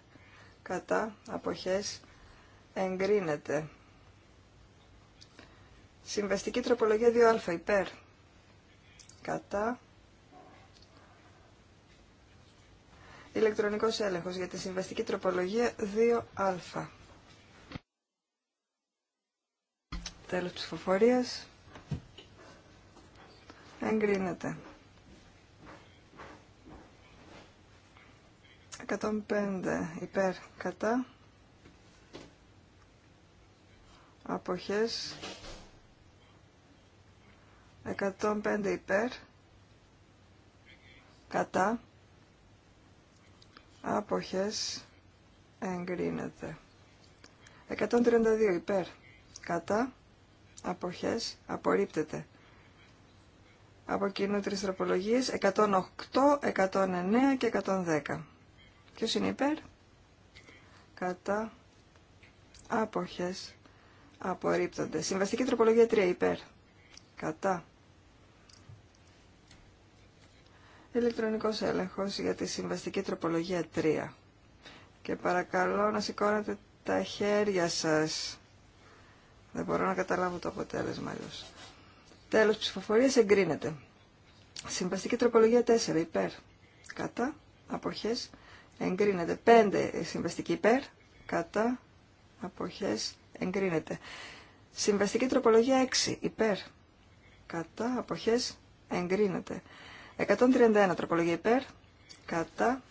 κατά, αποχές, εγκρίνεται. Συμβαστική τροπολογία 2α υπέρ. Κατά. Ηλεκτρονικός έλεγχος για τη συμβαστική τροπολογία 2α. Τέλος ψηφοφορίας. Εγκρίνεται. 105 υπέρ κατά αποχές 105 υπέρ κατά αποχές εγκρίνεται 132 υπέρ κατά αποχές απορρίπτεται από κοινού τρεις τροπολογίες 108, 109 και 110 ποιος είναι υπέρ κατά αποχές απορρίπτονται. Συμβαστική τροπολογία 3 υπέρ. Κατά. Ηλεκτρονικός έλεγχος για τη συμβαστική τροπολογία 3. Και παρακαλώ να σηκώνετε τα χέρια σας. Δεν μπορώ να καταλάβω το αποτέλεσμα αλλιώς. Τέλος ψηφοφορίας εγκρίνεται. Συμβαστική τροπολογία 4 υπέρ. Κατά. Αποχές. Εγκρίνεται. 5 συμβαστική υπέρ. Κατά αποχές εγκρίνεται. Συμβαστική τροπολογία 6 υπέρ κατά αποχές εγκρίνεται. 131 τροπολογία υπέρ κατά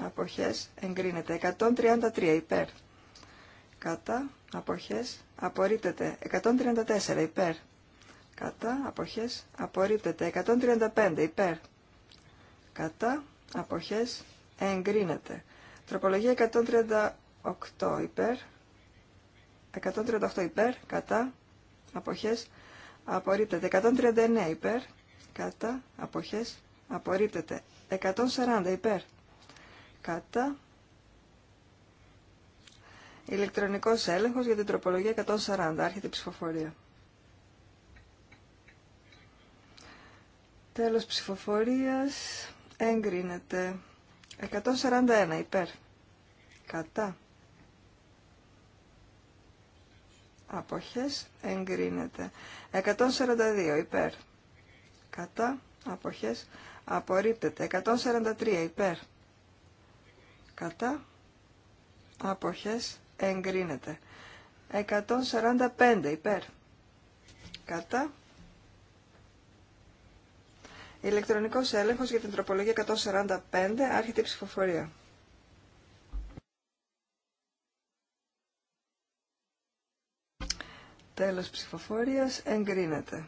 αποχές εγκρίνεται. 133 υπέρ κατά αποχές απορρίπτεται. 134 υπέρ κατά αποχές απορρίπτεται. 135 υπέρ κατά αποχές εγκρίνεται. Τροπολογία 138 υπέρ 138 υπέρ, κατά, αποχές, απορρίπτεται. 139 υπέρ, κατά, αποχές, απορρίπτεται. 140 υπέρ, κατά, ηλεκτρονικός έλεγχος για την τροπολογία 140, άρχεται η ψηφοφορία. Τέλος ψηφοφορίας, εγκρίνεται. 141 υπέρ, κατά, αποχές εγκρίνεται. 142 υπέρ. Κατά αποχές απορρίπτεται. 143 υπέρ. Κατά αποχές εγκρίνεται. 145 υπέρ. Κατά ηλεκτρονικός έλεγχος για την τροπολογία 145 άρχεται η ψηφοφορία. Τέλος ψηφοφορίας εγκρίνεται.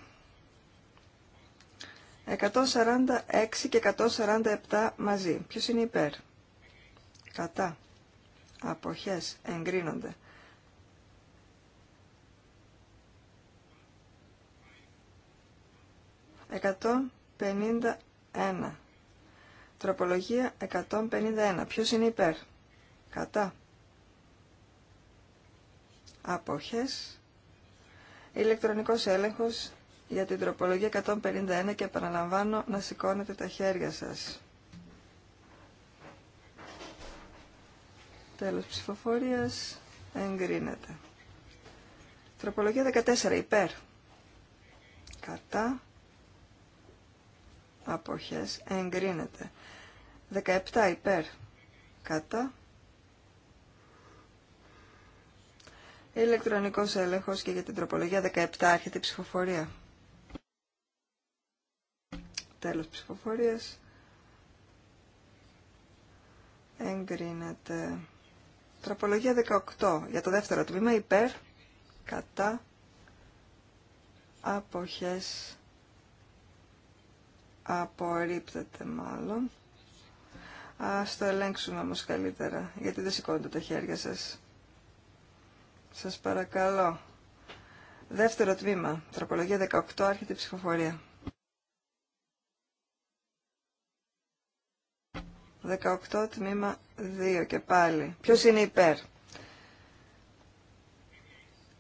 146 και 147 μαζί. Ποιος είναι υπέρ. Κατά. Αποχές εγκρίνονται. 151. Τροπολογία 151. Ποιος είναι υπέρ. Κατά. Αποχές Ηλεκτρονικός έλεγχος για την τροπολογία 151 και επαναλαμβάνω να σηκώνετε τα χέρια σας. Τέλος ψηφοφορίας. Εγκρίνεται. Τροπολογία 14. Υπέρ. Κατά. Αποχές. Εγκρίνεται. 17. Υπέρ. Κατά. Ηλεκτρονικός έλεγχος και για την τροπολογία 17 άρχεται η ψηφοφορία. Τέλος ψηφοφορίας. Εγκρίνεται. Τροπολογία 18 για το δεύτερο τμήμα υπέρ, κατά, αποχές, απορρίπτεται μάλλον. Ας το ελέγξουμε όμως καλύτερα, γιατί δεν σηκώνετε τα χέρια σας. Σας παρακαλώ. Δεύτερο τμήμα. Τροπολογία 18. Άρχεται η ψηφοφορία. 18 τμήμα 2 και πάλι. Ποιος είναι υπέρ.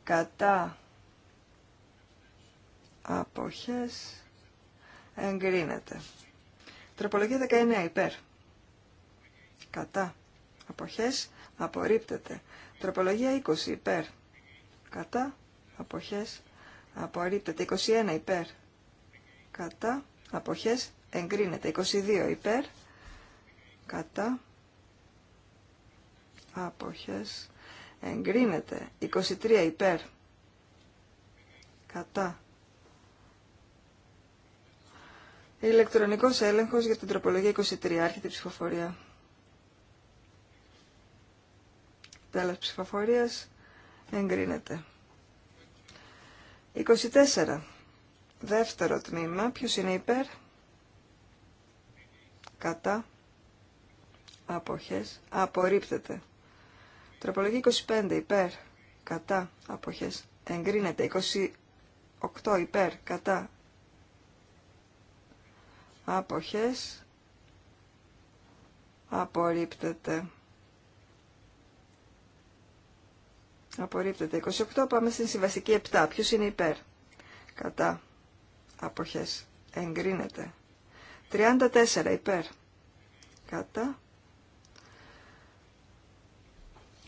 Κατά. Αποχές. Εγκρίνεται. Τροπολογία 19 υπέρ. Κατά. Αποχές. Απορρίπτεται. Τροπολογία 20 υπέρ. Κατά. Αποχές. Απορρίπτεται. 21 υπέρ. Κατά. Αποχές. Εγκρίνεται. 22 υπέρ. Κατά. Αποχές. Εγκρίνεται. 23 υπέρ. Κατά. Ηλεκτρονικός έλεγχος για την τροπολογία 23. Άρχεται η ψηφοφορία. Τέλος ψηφοφορίας. Εγκρίνεται. 24. Δεύτερο τμήμα. Ποιος είναι υπέρ. Κατά. Αποχές. Απορρίπτεται. Τροπολογία 25. Υπέρ. Κατά. Αποχές. Εγκρίνεται. 28. Υπέρ. Κατά. Αποχές. Απορρίπτεται. Απορρίπτεται. 28 πάμε στην συμβαστική 7. Ποιος είναι υπέρ. Κατά. Αποχές. Εγκρίνεται. 34 υπέρ. Κατά.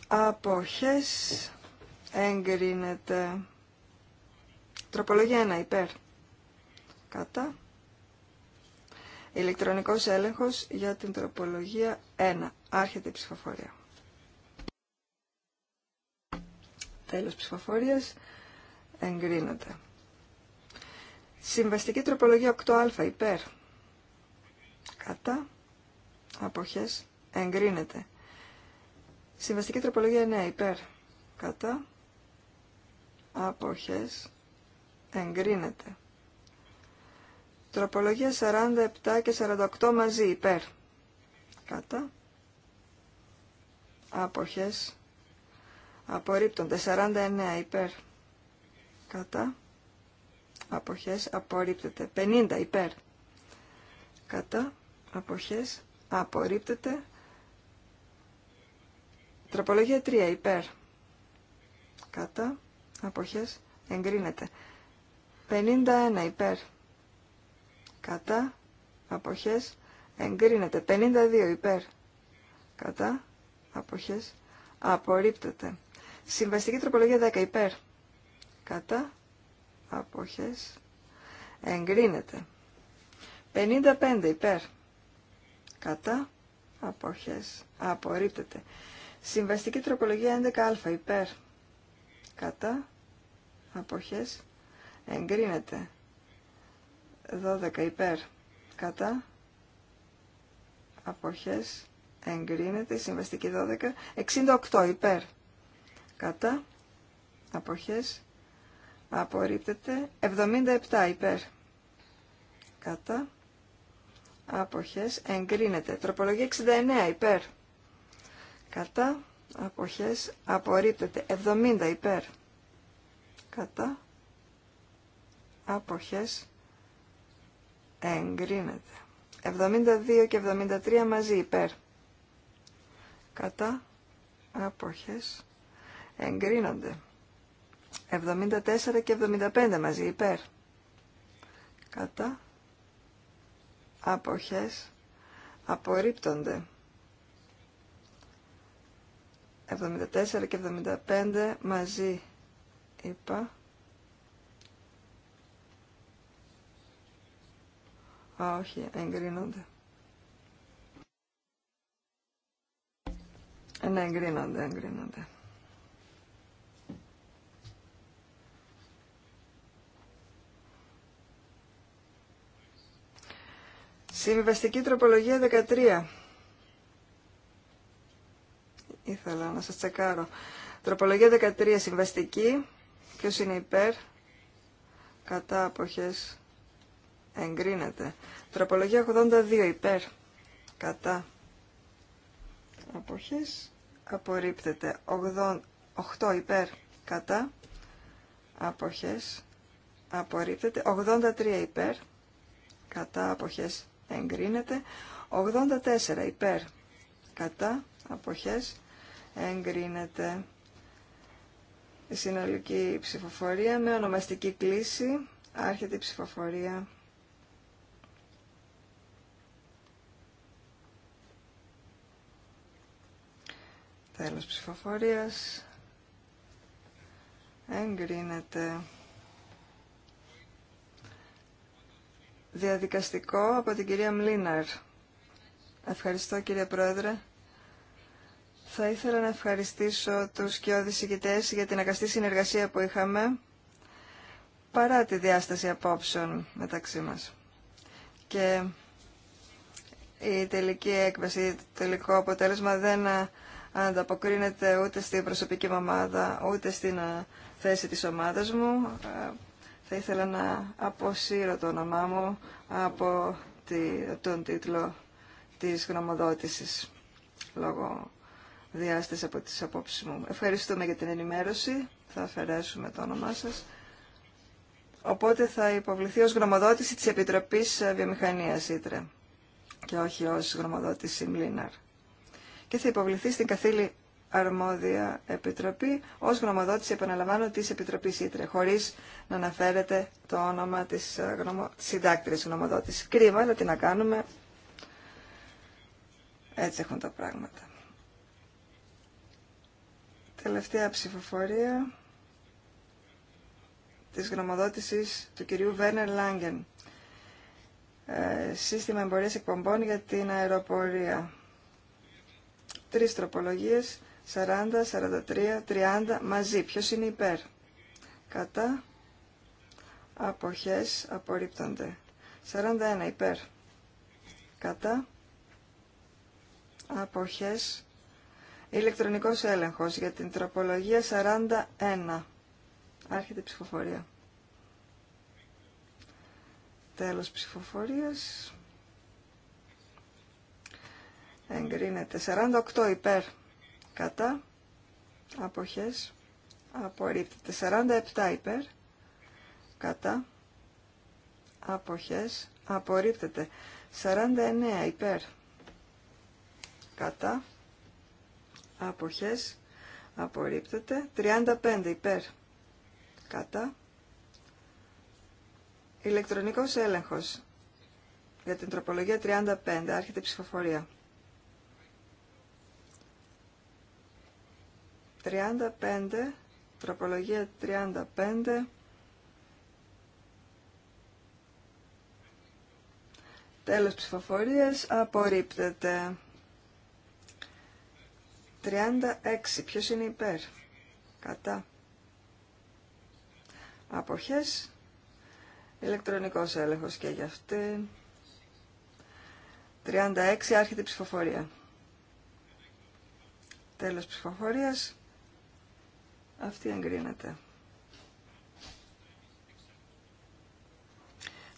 Αποχές. Εγκρίνεται. Τροπολογία 1 υπέρ. Κατά. Ηλεκτρονικός έλεγχος για την τροπολογία 1. Άρχεται η ψηφοφορία. Τέλος ψηφοφορίας. Εγκρίνεται. Συμβαστική τροπολογία 8α υπέρ. Κατά. Αποχές. Εγκρίνεται. Συμβαστική τροπολογία 9 υπέρ. Κατά. Αποχές. Εγκρίνεται. Τροπολογία 47 και 48 μαζί υπέρ. Κατά. Άποχες Απορρίπτονται. 49 υπέρ. Κατά. Αποχές. Απορρίπτεται. 50 υπέρ. Κατά. Αποχές. Απορρίπτεται. Τροπολογία 3 υπέρ. Κατά. Αποχές. Εγκρίνεται. 51 υπέρ. Κατά. Αποχές. Εγκρίνεται. 52 υπέρ. Κατά. Αποχές. Απορρίπτεται. Συμβαστική τροπολογία 10 υπέρ. Κατά. Αποχές. Εγκρίνεται. 55 υπέρ. Κατά. Αποχές. Απορρίπτεται. Συμβαστική τροπολογία 11α υπέρ. Κατά. Αποχές. Εγκρίνεται. 12 υπέρ. Κατά. Αποχές. Εγκρίνεται. Συμβαστική 12. 68 υπέρ κατά αποχές απορρίπτεται 77 υπέρ κατά αποχές εγκρίνεται τροπολογία 69 υπέρ κατά αποχές απορρίπτεται 70 υπέρ κατά αποχές εγκρίνεται 72 και 73 μαζί υπέρ κατά αποχές εγκρίνονται. 74 και 75 μαζί υπέρ. Κατά αποχές απορρίπτονται. 74 και 75 μαζί είπα. Α, όχι, εγκρίνονται. Ε, ναι, εγκρίνονται, εγκρίνονται. Συμβιβαστική τροπολογία 13. Ήθελα να σας τσεκάρω. Τροπολογία 13, συμβαστική. Ποιος είναι υπέρ. Κατά αποχές. Εγκρίνεται. Τροπολογία 82, υπέρ. Κατά. Αποχές. Απορρίπτεται. 8, υπέρ. Κατά. Αποχές. Απορρίπτεται. 83, υπέρ. Κατά αποχές εγκρίνεται. 84 υπέρ κατά αποχές εγκρίνεται. Η συνολική ψηφοφορία με ονομαστική κλίση άρχεται η ψηφοφορία. Τέλος ψηφοφορίας. Εγκρίνεται. Διαδικαστικό από την κυρία Μλίναρ. Ευχαριστώ κύριε Πρόεδρε. Θα ήθελα να ευχαριστήσω τους και οδησηγητές για την αγαστή συνεργασία που είχαμε παρά τη διάσταση απόψεων μεταξύ μας. Και η τελική έκβαση, το τελικό αποτέλεσμα δεν ανταποκρίνεται ούτε στην προσωπική μου ομάδα, ούτε στην ε, θέση της ομάδας μου. Ε, θα ήθελα να αποσύρω το όνομά μου από τον τίτλο της γνωμοδότησης λόγω διάσταση από τις απόψεις μου. Ευχαριστούμε για την ενημέρωση. Θα αφαιρέσουμε το όνομά σας. Οπότε θα υποβληθεί ως γνωμοδότηση της Επιτροπής Βιομηχανίας Ήτρε και όχι ως γνωμοδότηση Μλίναρ. Και θα υποβληθεί στην καθήλη αρμόδια επιτροπή ως γνωμοδότηση επαναλαμβάνω της Επιτροπής Ήτρε χωρίς να αναφέρεται το όνομα της ε, γνωμο... συντάκτηρης γνωμοδότησης. Κρίμα, αλλά τι να κάνουμε. Έτσι έχουν τα πράγματα. Τελευταία ψηφοφορία της γνωμοδότησης του κυρίου Βέρνερ Λάγκεν. Ε, σύστημα εμπορίας εκπομπών για την αεροπορία. Τρεις τροπολογίες 40, 43, 30 μαζί. Ποιος είναι υπέρ. Κατά. Αποχές απορρίπτονται. 41 υπέρ. Κατά. Αποχές. Ηλεκτρονικός έλεγχος για την τροπολογία 41. Άρχεται η ψηφοφορία. Τέλος ψηφοφορίας. Εγκρίνεται. 48 υπέρ κατά αποχές απορρίπτεται 47 υπέρ κατά αποχές απορρίπτεται 49 υπέρ κατά αποχές απορρίπτεται 35 υπέρ κατά ηλεκτρονικός έλεγχος για την τροπολογία 35 άρχεται η ψηφοφορία 35, τροπολογία 35, τέλος ψηφοφορίας, απορρίπτεται. 36, ποιος είναι υπέρ, κατά. Αποχές, ηλεκτρονικός έλεγχος και για αυτήν. 36, άρχεται ψηφοφορία. Τέλος ψηφοφορίας, αυτή εγκρίνεται.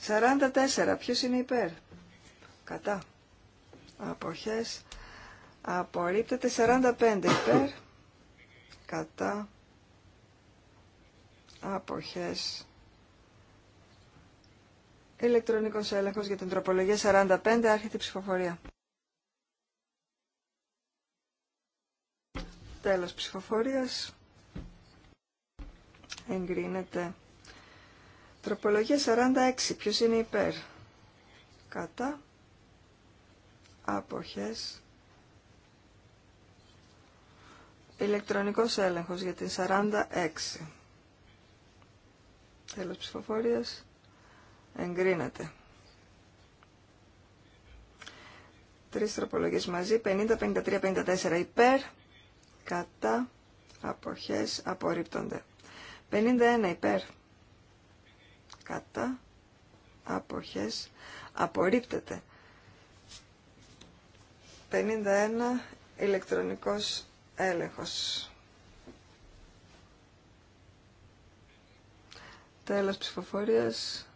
44. Ποιος είναι υπέρ. Κατά. Αποχές. Απορρίπτεται. 45 υπέρ. Κατά. Αποχές. Ηλεκτρονικός έλεγχος για την τροπολογία 45. Άρχεται η ψηφοφορία. Τέλος ψηφοφορίας εγκρίνεται. Τροπολογία 46. Ποιος είναι υπέρ. Κατά. Άποχες. Ηλεκτρονικός έλεγχος για την 46. Τέλος ψηφοφορίας. Εγκρίνεται. Τρεις τροπολογίες μαζί. 50, 53, 54 υπέρ. Κατά. Αποχές απορρίπτονται. 51 υπέρ. Κατά. Αποχές. Απορρίπτεται. 51 ηλεκτρονικός έλεγχος. Τέλος ψηφοφορίας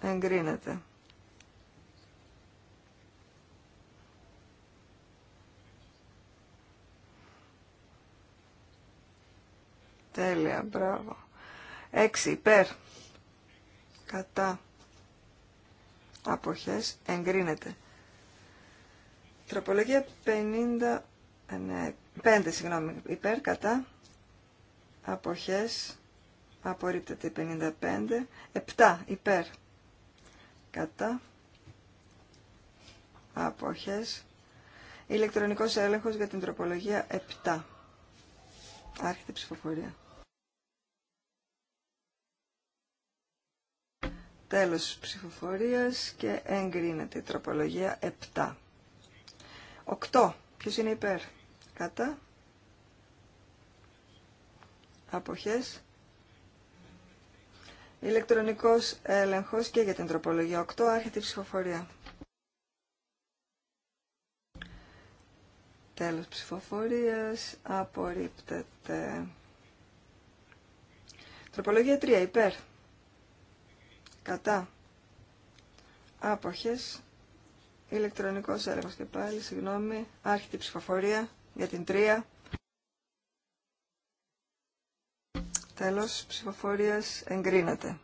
εγκρίνεται. Τέλεια, μπράβο. 6 υπέρ. Κατά. Αποχές. Εγκρίνεται. Τροπολογία 50... 5, συγγνώμη. Υπέρ, κατά. Αποχές. Απορρίπτεται 55. 7 υπέρ. Κατά. Αποχές. Ηλεκτρονικός έλεγχος για την τροπολογία 7. Άρχεται η ψηφοφορία. Τέλος ψηφοφορίας και εγκρίνεται η τροπολογία 7. 8. Ποιος είναι υπέρ. Κατά. Αποχές. Ηλεκτρονικός έλεγχος και για την τροπολογία 8. Άρχεται η ψηφοφορία. Τέλος ψηφοφορίας. Απορρίπτεται. Τροπολογία 3. Υπέρ. Κατά. Άποχες. Ηλεκτρονικός έλεγχος και πάλι. Συγγνώμη. Άρχιτη ψηφοφορία για την 3. Τέλος ψηφοφορίας εγκρίνεται.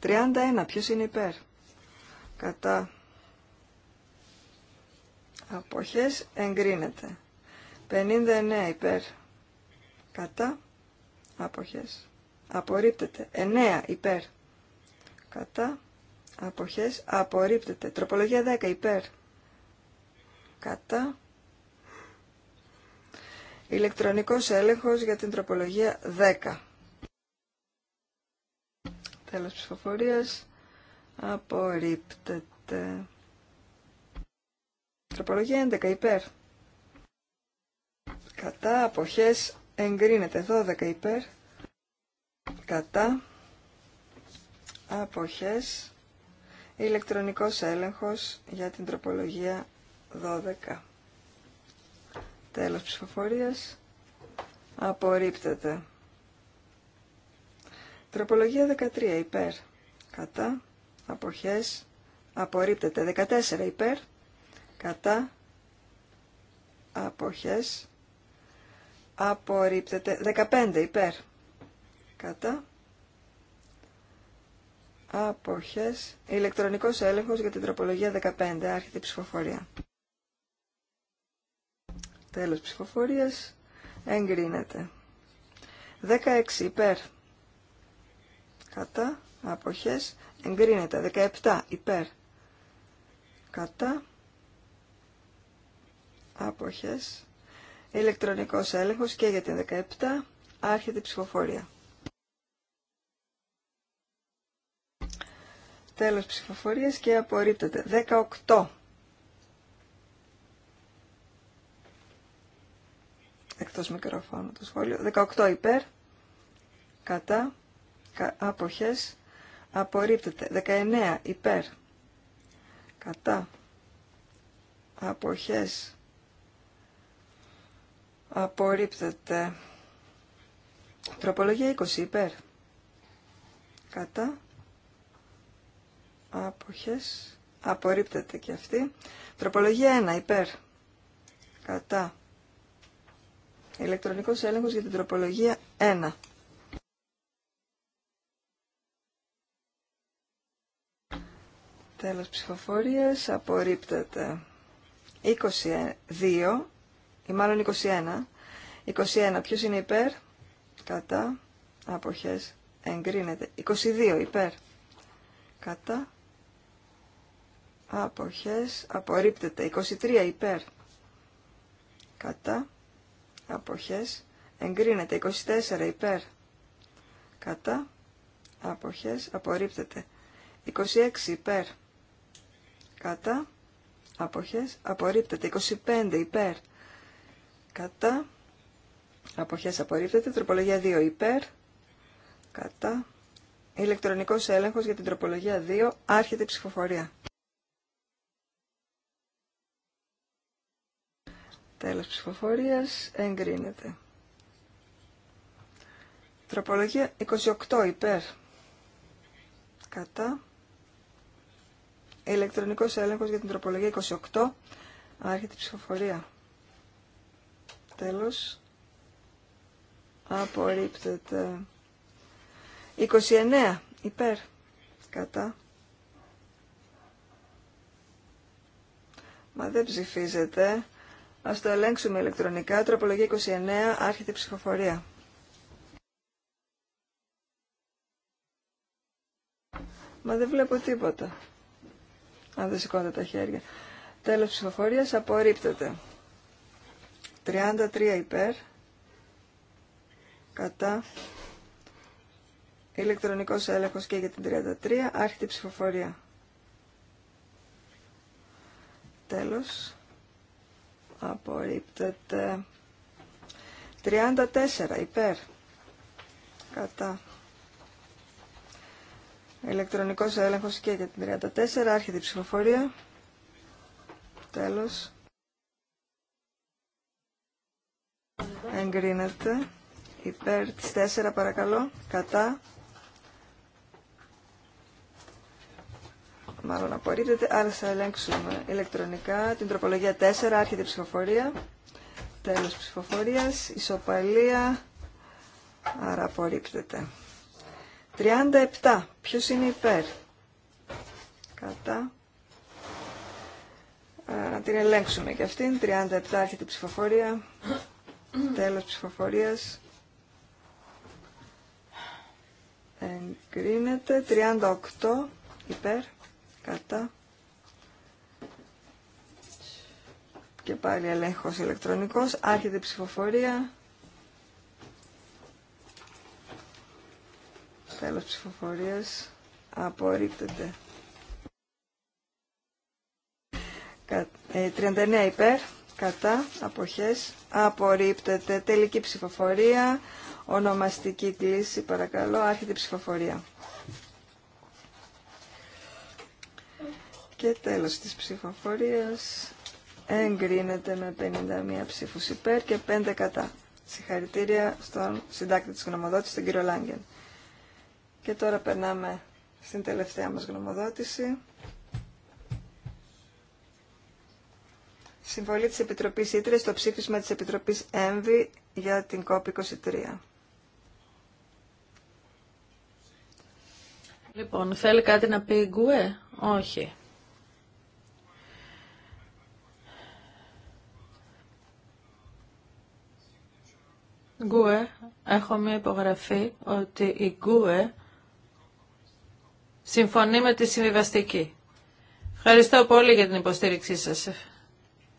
31. Ποιος είναι υπέρ. Κατά Αποχές εγκρίνεται. 59 υπέρ. Κατά. Αποχές. Απορρίπτεται. 9 υπέρ. Κατά. Αποχές. Απορρίπτεται. Τροπολογία 10 υπέρ. Κατά. Ηλεκτρονικός έλεγχος για την τροπολογία 10. Τέλος ψηφοφορίας. Απορρίπτεται. Τροπολογία 11 υπέρ. Κατά αποχές εγκρίνεται 12 υπέρ. Κατά αποχές ηλεκτρονικός έλεγχος για την τροπολογία 12. Τέλος ψηφοφορίας. Απορρίπτεται. Τροπολογία 13 υπέρ. Κατά αποχές απορρίπτεται. 14 υπέρ κατά αποχές απορρίπτεται 15 υπέρ κατά αποχές ηλεκτρονικός έλεγχος για την τροπολογία 15 άρχεται η ψηφοφορία τέλος ψηφοφορίας εγκρίνεται 16 υπέρ κατά αποχές εγκρίνεται 17 υπέρ κατά άποχες. Ηλεκτρονικός έλεγχος και για την 17 άρχεται η ψηφοφορία. Τέλος ψηφοφορίας και απορρίπτεται. 18. Εκτός μικροφώνου το σχόλιο. 18 υπέρ. Κατά. Άποχες. Απορρίπτεται. 19 υπέρ. Κατά. Αποχές Απορρίπτεται. Τροπολογία 20 υπέρ. Κατά. Άποχες. Απορρίπτεται και αυτή. Τροπολογία 1 υπέρ. Κατά. Ηλεκτρονικός έλεγχος για την τροπολογία 1. Τέλος ψηφοφορίας. Απορρίπτεται. 22 ή μάλλον 21. 21. Ποιος είναι υπέρ, κατά, αποχές, εγκρίνεται. 22 υπέρ, κατά, αποχές, απορρίπτεται. 23 υπέρ, κατά, αποχές, εγκρίνεται. 24 υπέρ, κατά, αποχές, απορρίπτεται. 26 υπέρ, κατά, αποχές, απορρίπτεται. 25 υπέρ, κατά, αποχές απορρίπτεται, τροπολογία 2 υπέρ, κατά, ηλεκτρονικός έλεγχος για την τροπολογία 2, άρχεται ψηφοφορία. Τέλος ψηφοφορίας, εγκρίνεται. Τροπολογία 28 υπέρ, κατά, ηλεκτρονικός έλεγχος για την τροπολογία 28, άρχεται ψηφοφορία. Τέλος. Απορρίπτεται. 29. Υπέρ. Κατά. Μα δεν ψηφίζεται. Ας το ελέγξουμε ηλεκτρονικά. Τροπολογία 29. Άρχεται η ψηφοφορία. Μα δεν βλέπω τίποτα. Αν δεν σηκώνετε τα χέρια. Τέλος ψηφοφορίας απορρίπτεται. 33 υπέρ. Κατά. Ηλεκτρονικός έλεγχος και για την 33. Άρχιτη ψηφοφορία. Τέλος. Απορρίπτεται. 34 υπέρ. Κατά. Ηλεκτρονικός έλεγχος και για την 34. Άρχιτη ψηφοφορία. Τέλος. εγκρίνεται. Υπέρ της 4 παρακαλώ. Κατά. Μάλλον απορρίπτεται. Άρα θα ελέγξουμε ηλεκτρονικά την τροπολογία 4. Άρχεται η ψηφοφορία. Τέλος ψηφοφορίας. Ισοπαλία. Άρα απορρίπτεται. 37. Ποιος είναι υπέρ. Κατά. να την ελέγξουμε και αυτήν. 37 άρχεται η ψηφοφορία. Τέλος ψηφοφορίας. Εγκρίνεται. 38 υπέρ. Κατά. Και πάλι ελέγχος ηλεκτρονικός. Άρχεται ψηφοφορία. Τέλος ψηφοφορίας. Απορρίπτεται. 39 ε, υπέρ κατά, αποχές, απορρίπτεται. Τελική ψηφοφορία, ονομαστική κλίση, παρακαλώ, άρχεται η ψηφοφορία. Και τέλος της ψηφοφορίας εγκρίνεται με 51 ψήφους υπέρ και 5 κατά. Συγχαρητήρια στον συντάκτη της γνωμοδότησης, τον κύριο Λάγκεν. Και τώρα περνάμε στην τελευταία μας γνωμοδότηση. Συμβολή της Επιτροπής Ήτρες στο ψήφισμα της Επιτροπής ΕΜΒΗ για την COP23. Λοιπόν, θέλει κάτι να πει η Γκουέ? Όχι. Γκουέ, έχω μία υπογραφή ότι η Γκουέ συμφωνεί με τη συμβιβαστική. Ευχαριστώ πολύ για την υποστήριξή σας.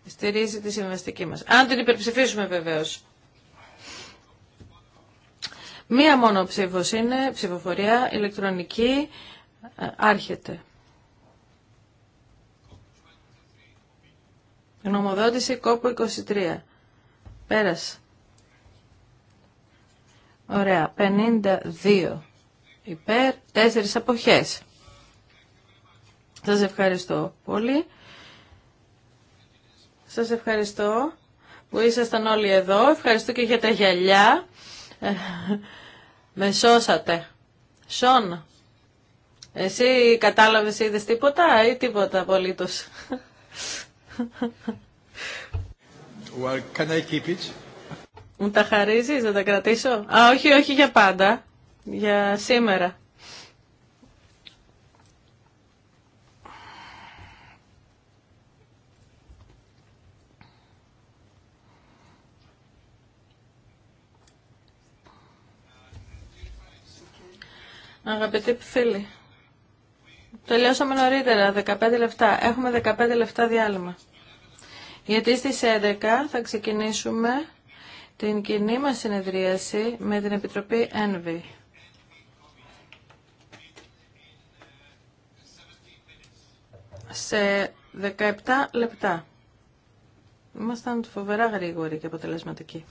Στηρίζει τη συμβαστική μας. Αν την υπερψηφίσουμε βεβαίως. Μία μόνο ψήφος είναι, ψηφοφορία, ηλεκτρονική, ε, άρχεται. Γνωμοδότηση κόπου 23. Πέρασε. Ωραία. 52 υπέρ, 4 αποχές. Σας ευχαριστώ πολύ. Σας ευχαριστώ που ήσασταν όλοι εδώ. Ευχαριστώ και για τα γυαλιά. Ε, με σώσατε. Σον, εσύ κατάλαβες, είδες τίποτα ή τίποτα απολύτως. can I keep it? Μου τα χαρίζεις, να τα κρατήσω. Α, όχι, όχι για πάντα. Για σήμερα. Αγαπητοί φίλοι, τελειώσαμε νωρίτερα, 15 λεπτά. Έχουμε 15 λεπτά διάλειμμα. Γιατί στις 11 θα ξεκινήσουμε την κοινή μας συνεδρίαση με την Επιτροπή ΕΝΒΗ. Σε 17 λεπτά. Ήμασταν φοβερά γρήγοροι και αποτελεσματικοί.